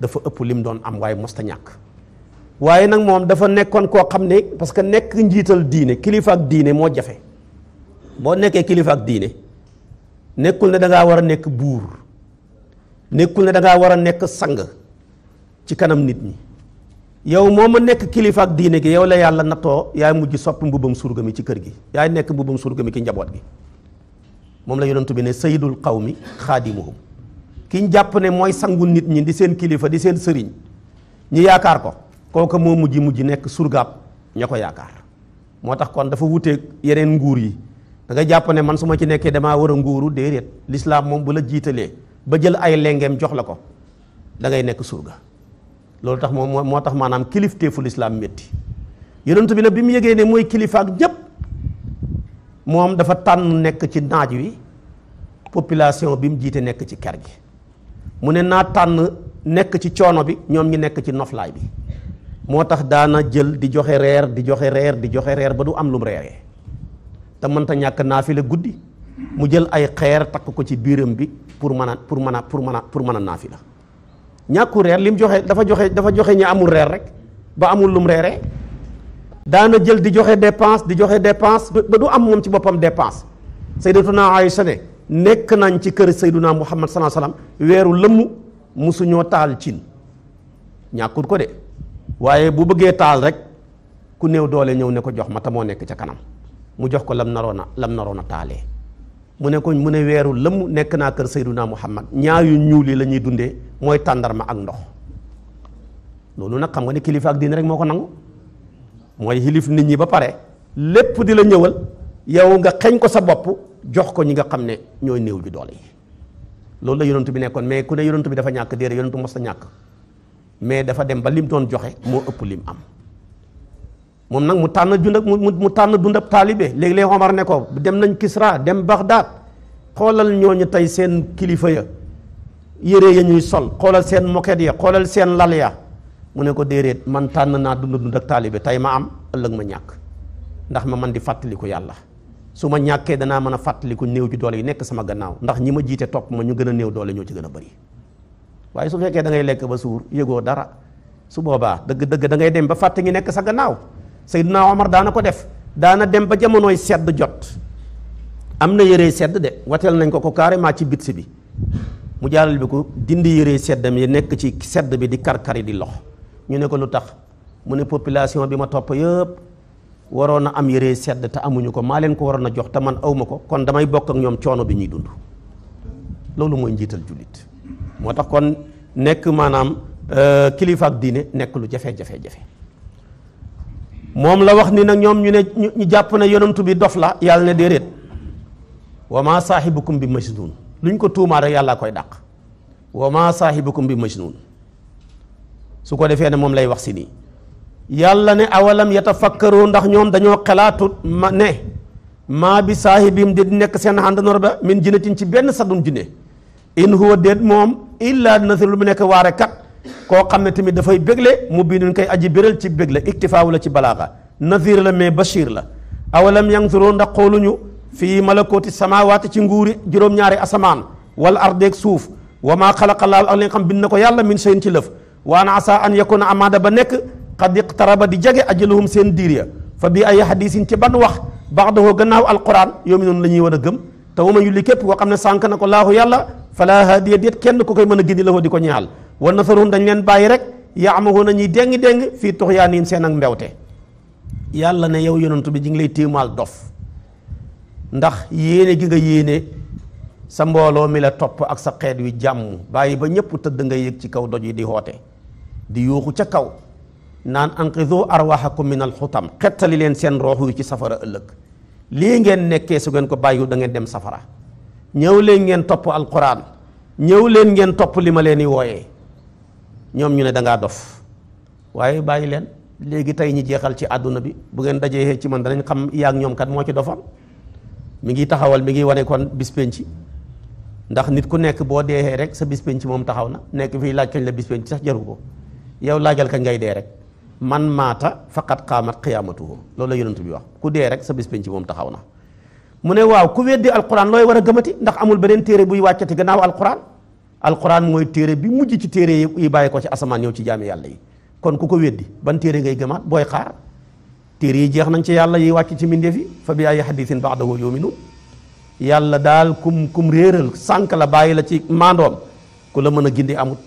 dafa ëpp lim doon am waaye mosta waaye nag moom dafa nekkoon koo xam ne parce que nekk njiital diine kilifa ak diine moo jafe boo nekkee kilifa ak diine nekkul ne dangaa war a nekk buur nekkul ne dangaa war a nekk sang ci kanam nit ñi yow moo ma nekk kilifa ak diine ki yow la yàlla nattoo yaay mujj soppi mbubbam surga mi ci kër gi yaay nekk mbubbam surga mi ki njaboot gi moom la yonent bi ne sayidul qawmi xaadimuhum ki ñu jàpp ne mooy sangu nit ñi di seen kilifa di seen sëriñ ñu yaakaar ko kooka moo mujj mujj nekk surgaab ña ko yaakaar moo tax kon dafa wuteeg yeneen nguur yi danga nga ne man su ma ci nekkee damaa war a nguuru déedéet lislaam moom bu la jiitalee ba jël ay lengeem jox la ko dangay nekk surga loolu tax moom moo tax maanaam kilifteefu lislaam métti yeneen bi nag bi mu yëgee ne mooy kilifaak ñëpp moom dafa tànn nekk ci naaj wi population bi mu jiite nekk ci ker gi mu ne naa tànn nekk ci coono bi ñoom ñi nekk ci noflaay bi moo tax daana jël di joxe reer di joxe reer di joxe reer ba du am lum reeree te mënta ñàkk naafile guddi mu jël ay xeer takk ko ci biiram bi pour mën a pour mën a pour mën pour mën a naafila ñàkku reer lim joxe dafa joxe dafa joxe ñi amul reer rek ba amul lum reere daana jël di joxe dépense di joxe dépense ba du am moom ci boppam dépense sayyidatuna Aïcha ne nekk nañ ci kër naa Muhammad sallallahu alayhi wasallam weeru lëmm musuñoo taal cin ñàkkut ko de waaye bu bëggee taal rek ku néew doole ñëw ne ko jox ma te moo nekk ca kanam mu jox ko lam naroon a lam naroon a taale mu ne ko mu ne weeru lëmm nekk naa kër Seyduna Muhammad ñaar yu ñuul yi la ñuy dundee mooy tàndarma ak ndox loolu nag xam nga ni kilifa ak diine rek moo ko nangu mooy xilif nit ñi ba pare lépp di la ñëwal yow nga xeñ ko sa bopp jox ko ñi nga xam ne ñooy néew ju doole yi loolu la yonent bi nekkoon mais ku ne yonent bi dafa ñàkk déedéet yonent mos a ñàkk mais dafa dem ba lim doon joxe moo ëpp lim am moom nag mu tànn dund ak mu tànn dund ak taalibe léegi lay Omar ne ko dem nañ Kisra dem Bagdad xoolal ñoo ñooñu tey seen kilifa ya yére ya ñuy sol xoolal seen moket ya xoolal seen lal ya mu ne ko déedéet man tànn naa dund dund ak taalibe tey ma am ëllëg ma ñàkk ndax ma man di fàttaliku yàlla su ma ñàkkee danaa mën a fàttaliku néew ji doole yi nekk sama gannaaw ndax ñi ma jiite topp ma ñu gën a néew doole ñoo ci gën a bari waaye su fekkee da ngay lekk ba suur yëgoo dara su boobaa dëgg dëgg da ngay dem ba fàtte ngi nekk sa gannaaw Seydina Omar daana ko def daana dem ba jamonooy sedd jot am na yëree sedd de nañ ko ko carrément ci bitsi bi mu jàllal ko dindi yëree sedd mi nekk ci sedd bi di karkari di lox ñu ne ko lu tax mu ne population bi ma topp waroon a am yëree sedd te amuñu ko maa leen ko waroon a jox te man awma ko kon damay bokk ak ñoom coono bi ñuy dund loolu mooy njiital jullit moo tax kon nekk maanaam euh, kilifa ak diine nekk jafe-jafe-jafe moom la wax ni nag ñoom ñu ne ñu jàpp na yonantu tubi dof la yàlla ne déedéet wa maa saaxibukum bi majnun luñ ko tuumaa rek yàlla koy dàq wa maa saaxibukum bi majnun su ko defee ne moom lay wax si nii yàlla ne awalam yatafakkaru ndax ñoom dañoo xalaatut ma ne maa bi biim di nekk seen àndanoor ba min jinnatin ci benn sadun jinne in huwa déet moom illa nasir lu mu nekk waare kat koo xam ne tamit dafay bégle mu bii biinun koy aji béral ci bégle iktifaawu la ci balaaxa nasir la mais bashir la awalam yanzuru ndax xoolu xooluñu fii malakooti samaawaati ci nguuri juróom-ñaari asamaan wala ardeeg suuf wa maa xalaqa laahu ak li nga xam bind na ko yàlla min seen ci lëf waana asa an yakuna amaada ba nekk xad iqtaraba di jege ajaluhum seen diir ya fa bi ay hadisin ci ban wax baax dafoo gannaaw alquran yow mi noonu la ñuy war a gëm te xam ne sànk na ko laahu yàlla fala haadiya kenn ku koy mën a gindi la di ko ñaal wa nasaruhum dañ leen bàyyi rek yaamahuuna ñuy déng-déng fii tuxyaanihim seen ak mbewte yàlla ne yow yonantu bi ji ngi lay tiimaal dof ndax yéene gi nga yéene sa mbooloo mi la topp ak sa xeet wi jàmm bàyyi ba ñëpp tëdd nga yëg ci kaw doj yi di hoote di yuuxu ca kaw naan anqizu arwahakum min alxutam xettali leen seen roox yu ci safara ëllëg lii ngeen nekkee su ngeen ko bàyyiwul dangeen dem safara ñëw leen ngeen topp alquran ñëw leen ngeen topp li ma leen di wooyee ñoom ñu ne dangaa dof waaye bàyyi leen léegi tey ñi jeexal ci àdduna bi bu ngeen dajee ci man danañ xam yaag ñoom kat moo ci dofam mu ngi taxawal mi ngi wane kon bis penc ndax nit ku nekk boo deexee rek sa bis penc moom taxaw na nekk fii laaj kañ la bis sax jaru ko yow laajal kañ ngay dee rek man maata faqat qaamat qiyaamatuhu loolu la yonent bi wax ku dee rek sa bis penc moom taxaw na mu ne waaw ku weddi alquran looy war a gëmati ndax amul beneen téere buy ti gannaaw alquran alquran mooy téere bi mujj ci téere yi bàyyi ko ci asamaan ñëw ci jaami yàlla yi kon ku ko weddi ban téere ngay gëmaat booy xaar téere yi jeex nañ ci yàlla yi wàcc ci mbindeef yi fa bi ay hadisin ba'dahu yu'minun yàlla daal kum kum réeral sànq la bàyyi la ci maandoom ku la mën a gindi amut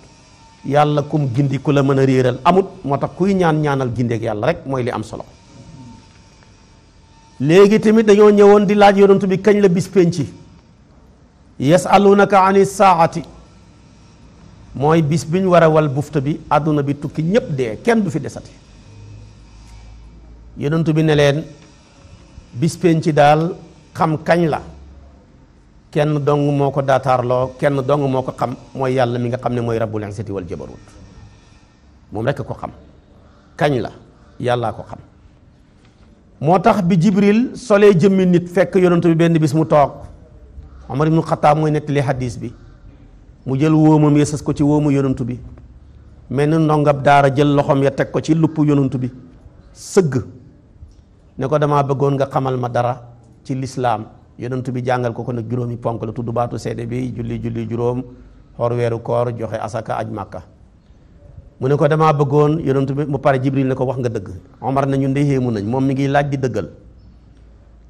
yàlla kum gindi ku la mën a réeral amut moo tax kuy ñaan ñaanal gindeeg yàlla rek mooy li am solo léegi tamit dañoo ñëwoon di laaj yonantu bi kañ la bis penc yasalunaka ani saati mooy bis bi ñu war a wal bufta bi àdduna bi tukki ñépp dee kenn du fi desati yonantu bi ne leen bis penc daal xam kañ la kenn dong moo ko daataarloo kenn dong moo ko xam mooy yàlla mi nga xam ne mooy rabbul izzati wal jabarut moom rekk ko xam kañ la yàllaa ko xam moo tax bi jibril solee jëmmi nit fekk yonantu bi benn bis mu toog Omar ibnu Xataab mooy nettali hadis bi mu jël wóomam ya ko ci woomu yonantu bi mel ni ndongab daara jël loxoom ya teg ko ci lupp yonantu bi sëgg ne ko damaa bëggoon nga xamal ma dara ci lislaam yonantu bi jàngal ko ko nag juróomi ponk la tudd baatu seede bi julli julli juróom xor weeru koor joxe asaka aj màkka mu ne ko damaa bëggoon yonent bi mu pare jibril ne ko wax nga dëgg omar na ñu ndey mu nañ moom mi ngi laaj di dëggal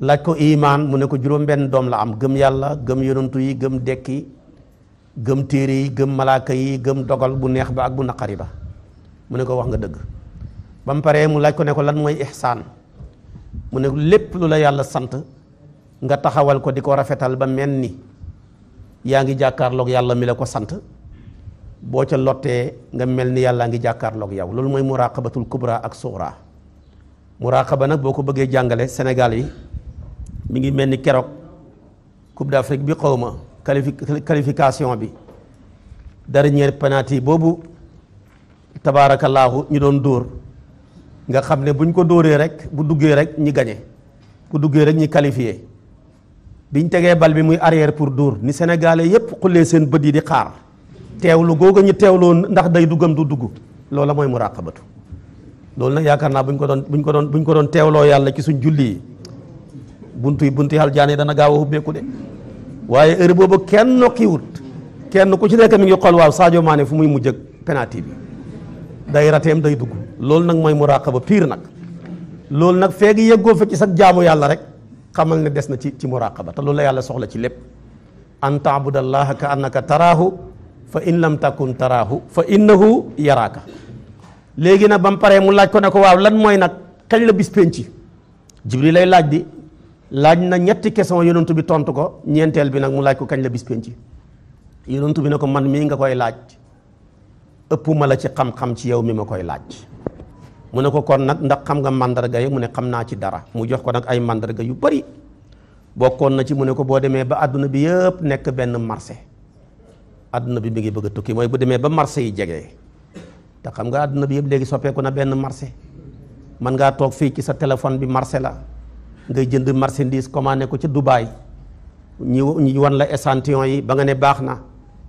laaj ko imaan mu ne ko juróom benn doom la am gëm yàlla gëm yonentu yi gëm dekki gëm téere yi gëm malaaka yi gëm dogal bu neex ba ak bu naqari ba mu ne ko wax nga dëgg ba mu paree mu laaj ko ne ko lan mooy ihsaan mu ne lépp lu la yàlla sant nga taxawal ko di ko rafetal ba mel ni yaa ngi jàkkaarloog yàlla mi la ko sant boo ca lottee nga mel ni yàllaa ngi jàkkaarloog yow loolu mooy muraqabatul kubra ak suura muraqaba nag boo ko bëggee jàngale Sénégal yi mi ngi mel ni keroog coupe d'Afrique bi xawma ma qualifi qualification bi dernier penalty boobu tabaarakallaahu ñu doon dóor nga xam ne buñ ko dóoree rek bu duggee rek ñi gañe bu duggee rek ñi qualifié biñ tegee bal bi muy arrière pour dóor ni sénégalais yépp xullee seen bët yi di xaar teewlu googu ñu teew teewloo ndax day duggam du dugg loola mooy muraqabatu loolu nag yaakaar naa buñ ko doon buñ ko doon buñ ko doon teewloo yàlla ci suñ julli yi buntu yi buntu dana gaaw a de waaye heure boobu kenn nokkiwut kenn ku ci nekk mi ngi xool waaw Sadio Mané fu muy mujj ak penalty bi day rateem day dugg loolu nag mooy muraqaba pire nag loolu nag feegi yeggoo fa ci jaamu yàlla rek xamal ne des na ci ci muraqaba te loolu la yàlla soxla ci lépp an taabudallaha ka annaka taraahu fa in lam takun taraahu fa innahu yaraaka léegi nag ba mu paree mu laaj ko ne ko waaw lan mooy nag kañ la bis penc jibril lay laaj bi laaj na ñetti question yonentu bi tontu ko ñeenteel bi nag mu laaj ko kañ la bis penc yonentu bi ne ko man mii nga koy laaj ëppuma la ci xam-xam ci yow mi ma koy laaj mu ne ko kon nag ndax xam nga màndarga yi mu ne xam naa ci dara mu jox ko nag ay màndarga yu bari bokkoon na ci mu ne ko boo demee ba àdduna bi nekk benn marché àdduna bi mi ngi bëgg a tukki mooy bu demee ba marché yi jege te xam nga àdduna bi yëpp léegi soppeeku na benn marché mën ngaa toog fii ci sa téléphone bi marché la ngay jënd marchandise commandé ko ca Dubaay ñi ñu wan la échantillon yi ba nga ne baax na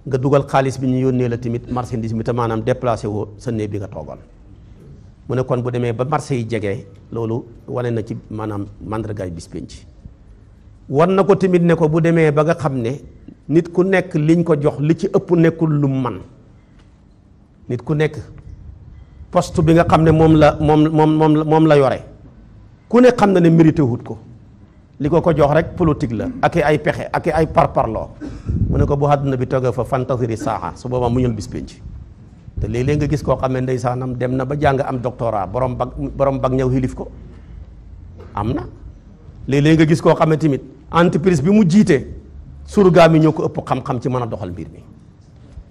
nga dugal xaalis bi ñu yónnee la tamit marchandise bi te maanaam déplacé woo sa néeg bi nga toogoon mu ne kon bu demee ba marché yi jege loolu wane na ci maanaam mandargaay bis penc wan na ko tamit ne ko bu demee ba nga xam ne nit ku nekk liñ ko jox li ci ëpp nekkul lu man nit ku nekk poste bi nga xam ne moom la moom moom moom moom la yore ku ne xam na ne mérité wut ko li ko ko jox rek politique la ak ay pexe ak i ay parparloo mu ne ko bu àdduna bi toggee fa fantasiri saaxa su boobaa mu ñul bis pénc te léeg-léeg nga gis koo xam ne ndeysaanam dem na ba jàng am doctorat borom bag borom bag ñëw xilif ko am na léeg-léeg nga gis koo xam ne tamit entreprise bi mu jiite surgaam yi ñoo ko ëpp xam-xam ci mën a doxal mbir mi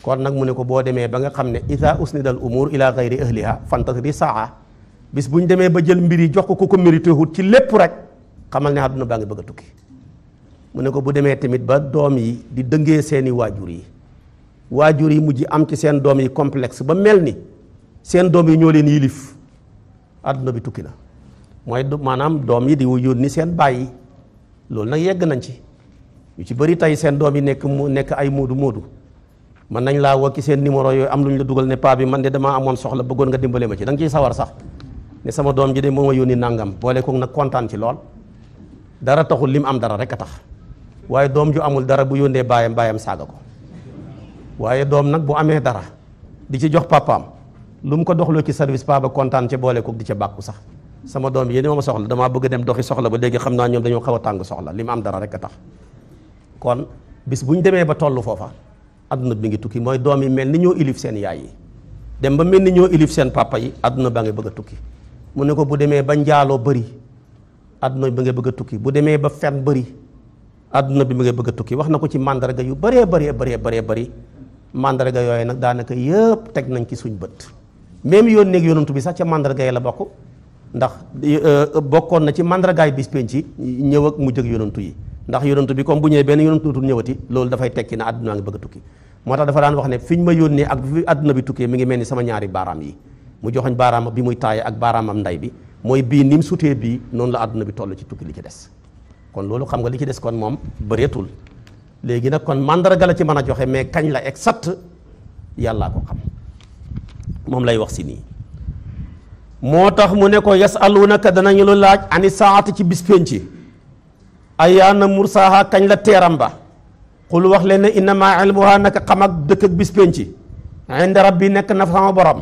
kon nag mu ne ko boo demee ba nga xam ne isa usnidal umur ila gayri ahliha fantasri saa bis bu ñu demee ba jël mbir yi jox ko ku ko mérité wut ci lépp rek xamal ne àdduna baa ngi bëgg a tukki mu ne ko bu demee tamit ba doom yi di dëngee seeni waajur yi waajur yi mujj am ci seen doom yi complexe ba mel ni seen doom yi ñoo leen yilif àdduna bi tukki na mooy maanaam doom yi di yónni seen bàyyi loolu nag yegg nañ ci yu ci bëri tey seen doom yi nekk mu nekk ay moodu moodu mën nañ laa woo ki seen numéro yooyu am lu ñu la dugal ne paa bi man de damaa amoon soxla bëggoon nga dimbale ma ci da nga ciy sawar sax ne sama doom ji de moo ma yónni nangam boole koog nag kontaan ci lool dara taxul lim am dara rek a tax waaye doom ju amul dara bu yónnee baayam baayam saaga ko waaye doom nag bu amee dara di ci jox papaam lu mu ko doxloo ci service paa ba kontaan boole koog di ca bàkku sax sama doom yéen ma soxla damaa bëgg dem doxi soxla ba léegi xam naa ñoom dañoo xaw tàng soxla lim am dara rek a tax. kon bis bu ñu demee ba toll foofa adduna bi ngi tukki mooy doom yi mel ni ñoo ilif seen yaay yi dem ba mel ni ñoo ilif seen papa yi adduna ba nga bëgg a tukki mu ne ko bu demee ba njaaloo bëri adduna bi nga bëgg a tukki bu demee ba fen bëri adduna bi mu nga bëgg a tukki wax na ko ci mandarga yu bëree bëree bëree bëree bëri mandarga yooyu nag daanaka yëpp teg nañ ci suñ bët même yoon néeg yonantu bi sax ca mandarga yi la bokk ndax euh, bokkoon na ci mandargaay bis penc ñëw mu jëg yonantu yi ndax yonantu bi comme bu ñëwee benn yonantu dootul ñëwati loolu dafay tekki na àdduna ngi bëgg a tukki moo tax dafa daan wax ne fi ma yónnee ak fi àdduna bi tukkee mi ngi mel ni sama ñaari baaraam yi mu joxoñ baaraam bi muy taaye ak baaraamam nday bi mooy bii ni mu sutee bii noonu la àdduna bi toll ci tukki li ci des kon loolu xam nga li ci des kon moom bëreetul léegi nag kon mandarga la ci mën a joxe mais kañ la exact yàllaa ko xam moom lay wax si nii moo tax mu ne ko yasalunaka danañu lu laaj ani saati ci bis pénc ayaana mursaaha kañ la teeram ba xul wax leen ne innama ilmuha naka xam ak dëkk ak bis penc inda rabbi nekk na sama borom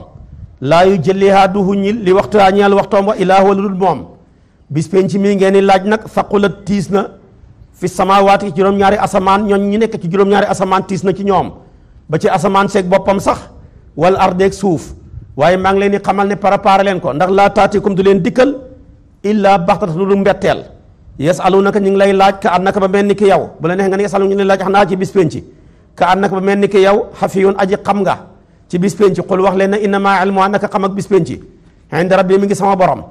laa yu jëliha du huñil li waxtu yaa ñeel waxtoom wa ilaa wala dul moom bis penc mii ngeen di laaj nag faqulat tiis na fi samaawaati juróom-ñaari asamaan ñooñ ñu nekk ci juróom-ñaari asamaan tiis na ci ñoom ba ci asamaan seeg boppam sax wala ardeeg suuf waaye maa ngi leen di xamal ne préparé leen ko ndax laa taatikum du leen dikkal illaa baxtata lu mbetteel yasalunaka ñu ngi lay laaj ka annaka ba mel ki yow bu la neex nga ne yasalu ñu ngi lay laaj xanaa ci bis penci ka ba mel ni ki yow xafiyun aji xam nga ci bis penci xul wax leen ne innama ilmu annaka xam ak bis penci inda rabbi mi ngi sama borom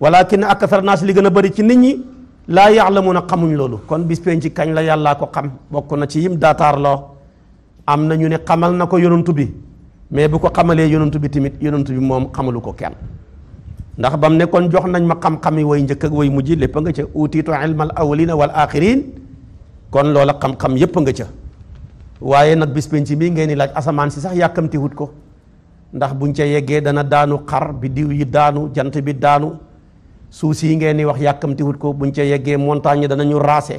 walakin akthar naas li gën a bëri ci nit ñi laa ya'lamuuna xamuñ loolu kon bis penci kañ la yàllaa ko xam bokk na ci yim daataar loo am na ñu ne xamal na ko yonantu bi mais bu ko xamalee yonantu bi tamit yonantu bi moom xamalu ko kenn ndax bam ne kon jox nañ ma xam-xam yi way njëkk ak way mujj lépp nga ca utiitu ilmal awalina wal axirin kon loola xam-xam yépp nga ca waaye nag bis penc mii ngeen di laaj asamaan si sax yàkkamti wut ko ndax buñ ca yeggee dana daanu xar bi diw yi daanu jant bi daanu suuf yi ngeen di wax yàkkamti wut ko buñ ca yeggee montagne yi danañu raase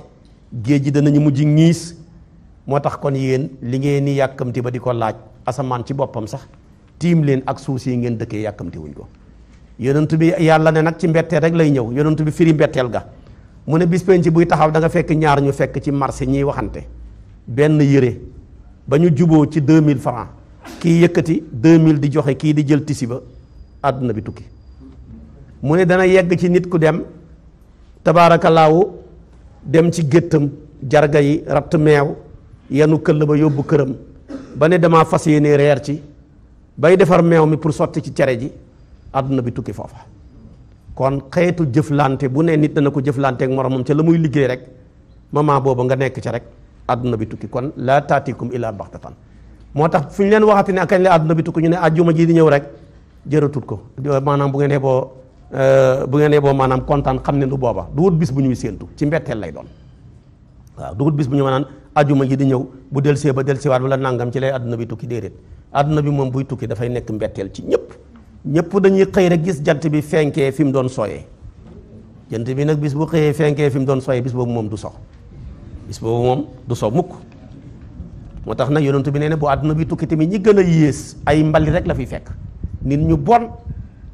géej gi dana ñu mujj ñiis moo tax kon yéen li ngeen yàkkamti ba di ko laaj asamaan ci boppam sax tiim leen ak suuf si ngeen dëkkee yàkkamti wuñ ko yonent bi yàlla ne nag ci mbetteel rek lay ñëw yonent bi firi mbetteel ga mu ne bis penc buy taxaw danga fekk ñaar ñu fekk ci marché ñiy waxante benn yére ba ñu juboo ci 2000 francs kii yëkkati 2000 di joxe kii di jël tisi ba àdduna bi tukki mu ne dana yegg ci nit ku dem tabaarakallaahu dem ci géttam jarga yi ratt meew yanu këll ba yóbbu këram ba ne damaa fas yéene reer ci bay defar meew mi pour sotti ci cere ji àdduna bi tukki foofa kon xeetu jëflante bu ne nit dana ko jëflanteek moromam ca la muy liggéey rek moment boobu nga nekk ca rek adduna bi tukki kon laa taatikum illaa baxtatan moo tax fu ñu leen waxati ne kañ la àdduna bi tukki ñu ne àjjuma ji di ñëw rek jëratut ko maanaam bu ngeen yeboo euh, bu ngeen yeboo maanaam kontaan xam ne du booba du bis bu ñuy séentu ci mbetteel lay doon waaw bu ñu maanaam àjjuma ji di ñëw bu del see ba del seewaat wala nangam ci lay àdduna bi tukki déedéet àdduna bi moom buy tukki dafay nekk mbetteel ci ñëpp ñëpp dañuy xëy rek gis jant bi fenkee fi mu doon sooyee jant bi nag bis bu xëyee fenkee fi mu doon sooyee bis boobu moom du sox bis boobu moom du sox mukk moo tax nag yonent bi nee na bu àdduna bi tukki tamit ñu gën a yées ay mbali rek la fi fekk nit ñu bon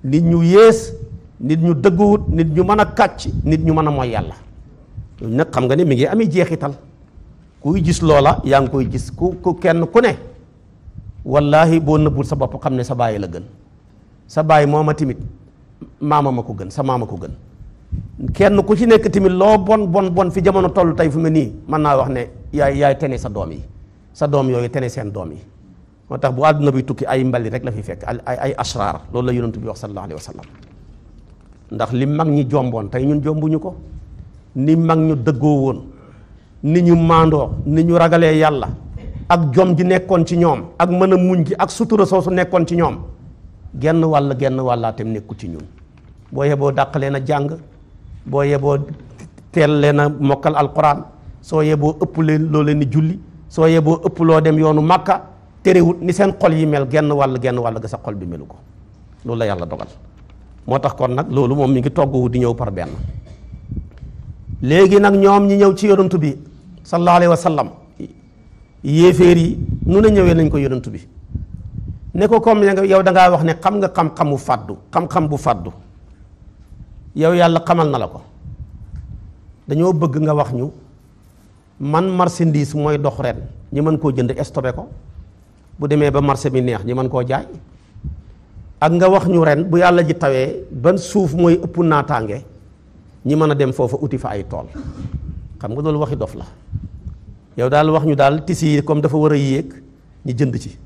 nit ñu yées nit ñu dëgguwut nit ñu mën a kàcc nit ñu mën a mooy yàlla loolu xam nga ne mi ngi ami jeexital kuy gis loola yaa ngi koy gis ku ku kenn ku ne wallaahi boo nëbbul sa bopp xam ne sa bàyyi la gën sa baay mooma timit maama ma ko gën sa maama ko gën kenn ku ci nekk tamit loo bon bon bon fi jamono tollu tey fu mu nii mën naa wax ne yaay yaay tene sa doom yi sa doom yooyu tene seen doom yi moo tax bu àdduna bi tukki ay mbali rek la fi fekk ay ay asraar loolu la yonent bi wax sallallahu alayhi wa sallam ndax li mag ñi jomboon tey ñun jombuñu ko ni mag ñu dëggoo woon ni ñu maandoo ni ñu ragalee yàlla ak jom ji nekkoon ci ñoom ak mën a muñ gi ak sutura soosu nekkoon ci ñoom genn wàll genn wàllaatem nekku ci ñun boo yeboo dàq leen a jàng boo yeboo teel leen a mokkal alquran soo yeboo ëpp leen loo leen di julli soo yeboo ëpp loo dem yoonu màkka terewut ni seen xol yi mel genn wàll genn wàll ga sa xol bi melu ko loolu la yàlla dogal moo tax kon nag loolu moom mi ngi togg di ñëw par benn léegi nag ñoom ñi ñëw ci yonent bi sallallahu alayhi wa sallam yéeféer yi nu ne ñëwee nañ ko yonent bi ne ko comme yow dangaa wax ne xam nga xam-xamu fàddu xam-xam bu fàddu yow yàlla xamal na la ko dañoo bëgg nga wax ñu man marchandise mooy dox ren ñi mën koo jënd stocké ko bu demee ba marché bi neex ñi mën koo jaay ak nga wax ñu ren bu yàlla ji tawee ban suuf mooy ëpp naataange ñi mën a dem foofa uti fa ay tool xam nga loolu waxi dof la yow daal wax ñu daal tisi yi comme dafa war a yéeg ñu jënd ci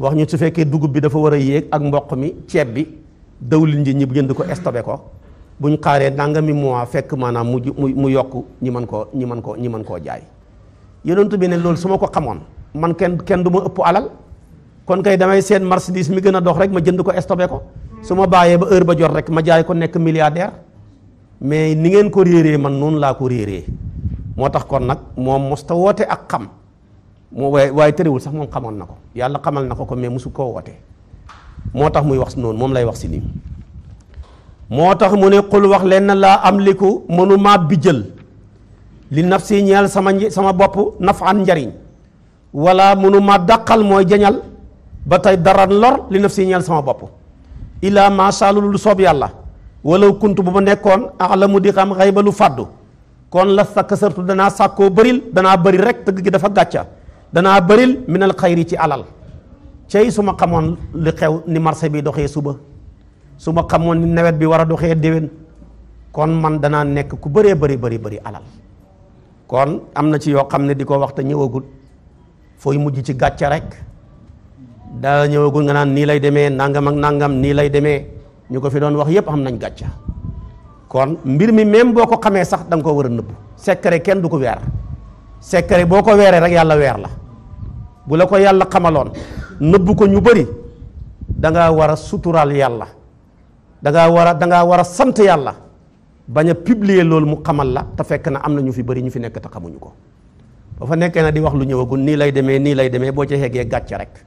wax ñu su fekkee dugub bi dafa war a yéeg ak mboq mi ceeb bi dawlin ji ñi jënd ko stocké ko buñ xaaree nangami mois fekk maanaam mu mu yokk ñi mën koo ñi mën koo ñi mën koo jaay yonent bi ne loolu su ma ko xamoon man kenn kenn du ma ëpp alal kon kay damay seen marchandise mi gën a dox rek ma jënd ko stocké ko su ma bàyyee ba heure ba jot rek ma jaay ko nekk milliardaire mais ni ngeen ko réeree man noonu laa ko réeree moo tax kon nag moom mosta woote ak xam moo waaye waaye tëréwul sax moom xamoon na ko yàlla xamal na ko ko mais mosu koo woote moo tax muy wax si noonu moom lay wax si nii moo tax mu ne xul wax leen na laa am liku mënumaa bijjël li naf si ñeel sama sama bopp nafaan njariñ wala mënumaa dàqal mooy jañal ba tey dara lor li naf si ñeel sama bopp ilaa maasaalu lu soob yàlla wala kunt bu ma nekkoon ah mu di xam xëy ba lu fàddu kon la sa kasartu danaa koo bëril danaa bëri rek tëgg gi dafa gàcca danaa bëril minal xayri ci alal cey su ma xamoon lu xew ni marché bi doxee suba su ma xamoon ni nawet bi war a doxee déwén kon man danaa nekk ku bëree bëri bëri bëri alal kon am na ci yoo xam ne di ko wax te ñëwagul fooy mujj ci gàcce rek daa ñëwagul nga naan nii lay demee nangam ak nangam nii lay demee ñu ko fi doon wax yépp am nañ gàcca kon mbir mi même boo ko xamee sax danga ko war a nëbb secret kenn du ko weer yi boo ko weeree rek yàlla weer la bu la ko yàlla xamaloon nëbbu ko ñu bëri da ngaa war a suturaal yàlla dangaa ngaa war a da war a sant yàlla bañ a publier loolu mu xamal la te fekk na am na ñu fi bari ñu fi nekk te xamuñu ko ba fa nekkee na di wax lu ñëwagul nii lay demee nii lay demee boo ci xeggee gàcce rek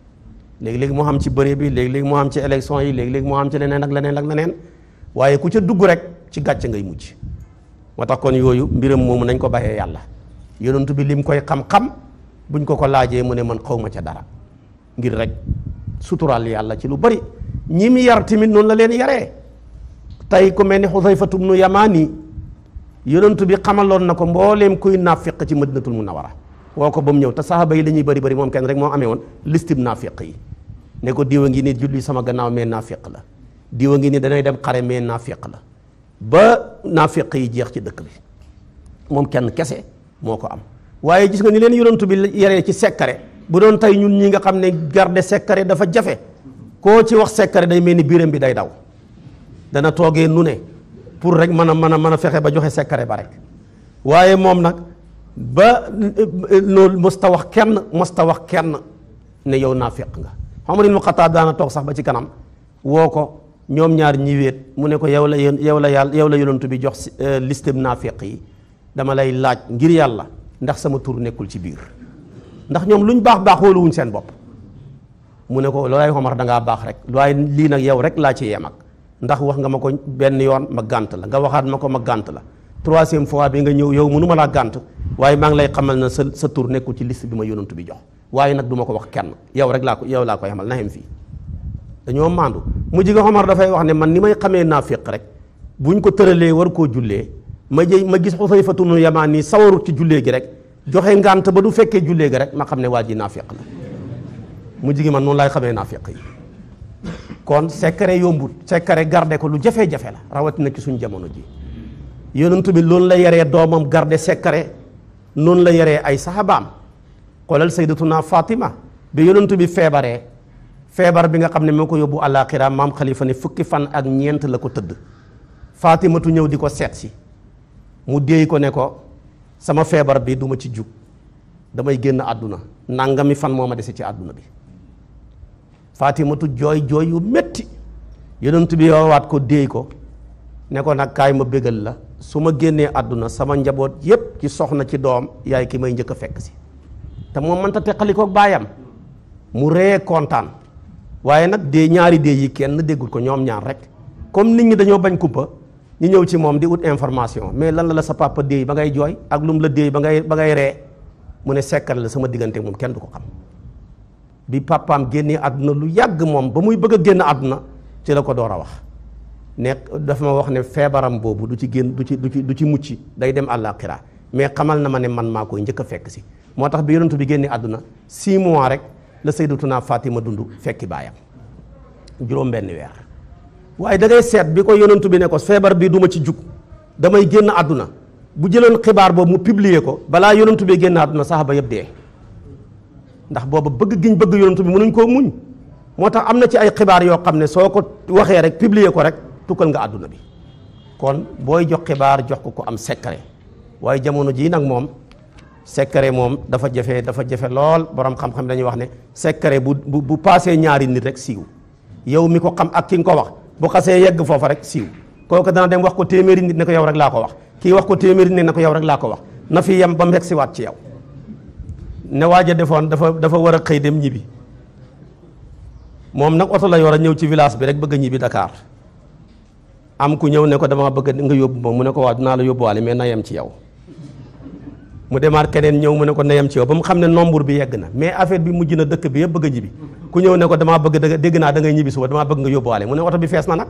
léegi-léegi moo xam ci bëri bi léegi-léegi moo xam ci élection yi léegi-léegi moo xam ci leneen ak leneen ak leneen waaye ku ca dugg rek ci gàcce ngay mujj moo tax kon yooyu mbiram moomu nañ ko bàyyee yàlla yonent bi lim koy xam-xam buñ ko ko laajee mu ne man xaw ma ca dara ngir rek suturaal yàlla ci lu bari ñi yar tamit noonu la leen yaree tey ku mel ni Xusayfatu bnu Yamaani yonent bi xamaloon na ko mbooleem kuy naafiq ci madinatul munawara woo ko ba mu ñëw te saxaaba yi la bari bari moom kenn rek moo amee woon listib naafiq yi ne ko diwa ngi ni julli sama gannaaw mais naafiq la diwa ngi ni danay dem xare mais naafiq la ba naafiq yi jeex ci dëkk bi moom kenn kese moo ko am waaye gis nga ni leen yonantu bi yaree ci secret bu doon tey ñun ñi nga xam ne garde secret dafa jafe koo ci wax secret day mel ni biiram bi day daw dana toogee nu ne pour rek mën a mën a mën a fexe ba joxe secret ba rek waaye moom nag ba loolu mosta wax kenn mosta wax kenn ne yow naa feq nga xam nga ni mu xataab daana toog sax ba ci kanam woo ko ñoom ñaar ñi wéet mu ne ko yow la yow la yàlla yow la yonantu bi jox eh, liste bi naa feq yi dama lay laaj ngir yàlla ndax sama tur nekkul ci biir ndax ñoom luñ baax baax xooluwuñ seen bopp mu ne ko loolay xomar dangaa baax rek waaye lii nag yow rek laa ci yem ndax wax nga ma ko benn yoon ma gànt la nga waxaat ma ko ma gànt la troisième fois bi nga ñëw yow mënu laa gànt waaye maa ngi lay xamal na sa sa tur nekkul ci liste bi ma yonantu bi jox waaye nag duma ko wax kenn yow rek laa ko yow laa koy xamal na xem fii dañoo maandu mu jiga xomar dafay wax ne man ni may xamee naafiq rek buñ ko tëralee war koo jullee ma jë ma gis Xusayfatun Yamaan yi sawarut ci jullee gi rek joxe ngànt ba du fekkee jullee gi rek ma xam ne waa ji naafiq la mu jigi man noonu lay xamee naafiq yi kon secret yombut secret garde ko lu jafe-jafe la rawatina ci suñ jamono ji yonent bi loolu la yaree doomam garde secret noonu la yaree ay sahabaam xoolal sayyidatuna Fatima bi yonent bi feebaree feebar bi nga xam ne moo ko yóbbu àllaaxira maam xalifa ne fukki fan ak ñeent la ko tëdd Fatimatu ñëw di ko seet si mu déey ko ne ko sama feebar bi duma ci jug damay génn àdduna nangami fan moo ma dese ci àdduna bi Faatimatu jooy jooy metti métti yonent bi ko déey ko ne ko nag kaay ma bégal la su ma génnee àdduna sama njaboot yépp ci soxna ci doom yaay ki may njëkk a fekk si te moom mënta teqalikook baayam mu ree kontaan waaye nag dee ñaari dee yi kenn déggul ko ñoom ñaar rekk comme nit ñi dañoo bañ kumpa ñu ñëw ci moom di wut information mais lan la la sa papa déey ba ngay jooy ak lum la déey ba ngay ba ngay ree mu ne sekkal la sama diggante moom kenn du ko xam bi papaam génnee àdduna lu yàgg moom ba muy bëgg génn àdduna ci la ko door a wax nekk dafa ma wax ne feebaram boobu du ci génn du ci du ci du ci mucc day dem àllaaxira mais xamal na ma ne man maa koy njëkk fekk si moo tax bi yonent bi génnee àdduna six mois rek la sayyidatuna Fatima dund fekki baayam juróom weer waaye da ngay seet bi ko yonantu bi ne ko feebar bi duma ci jug damay génn àdduna bu jëloon xibaar boobu mu publier ko balaa yonantu bi génn àdduna ba yëpp dee ndax booba bëgg giñ bëgg yonantu bi mënuñ koo muñ moo tax am na ci ay xibaar yoo xam ne soo ko waxee rek publier ko rek tukkal nga àdduna bi kon booy jox xibaar jox ko ko am secret waaye jamono jii nag moom secret moom dafa jafe dafa jafe lool borom xam-xam dañuy wax ne secret bu bu bu paasee ñaari nit rek siiw yow mi ko xam ak ki nga ko wax bu xasee yegg foofa rek siiw kooku dana dem wax ko téeméeri nit ne ko yow rek laa ko wax kii wax ko téeméeri nit ne ko yow rek laa ko wax na fi yem ba mu yegg waat ci yow ne waaj a defoon dafa dafa war a xëy dem ñibbi moom nag oto la war a ñëw ci village bi rek bëgg a ñibbi Dakar am ku ñëw ne ko dama bëgg nga yóbbu ma mu ne ko waa dinaa la yóbbuwaale mais na yem ci yow mu demaat keneen ñëw mu ne ko nayam ci yow ba mu xam ne nombre bi yegg na mais affaire bi mujj na dëkk bi yëpp bëgg a ñibbi ku ñëw ne ko damaa bëgg dégg naa da ngay ñibbi suba damaa bëgg nga yóbbuwaale mu ne oto bi fees na nag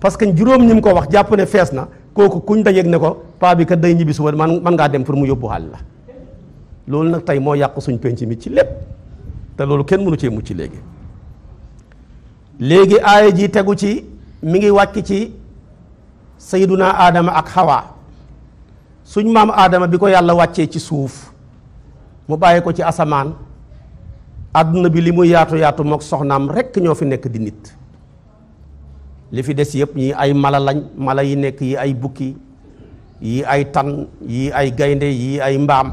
parce que juróom ñi mu ko wax jàpp ne fees na kooku kuñ dajeeg ne ko paa bi kat day ñibbi suba man man ngaa dem pour mu yóbbuwaale la loolu nag tey moo yàq suñ penc mi ci lépp te loolu kenn mënu cee mucc léegi léegi aaya ji tegu ci mi ngi wàcc ci sayduna aadama ak xawaa suñ maam aadama bi ko yàlla wàccee ci suuf mu bàyyi ko ci asamaan àdduna bi li muy yaatu yaatu mook soxnaam rekk ñoo fi nekk di nit li fi des yëpp ñi ay mala lañ mala yi nekk yi ay bukki yi ay tan yi ay gaynde yi ay mbaam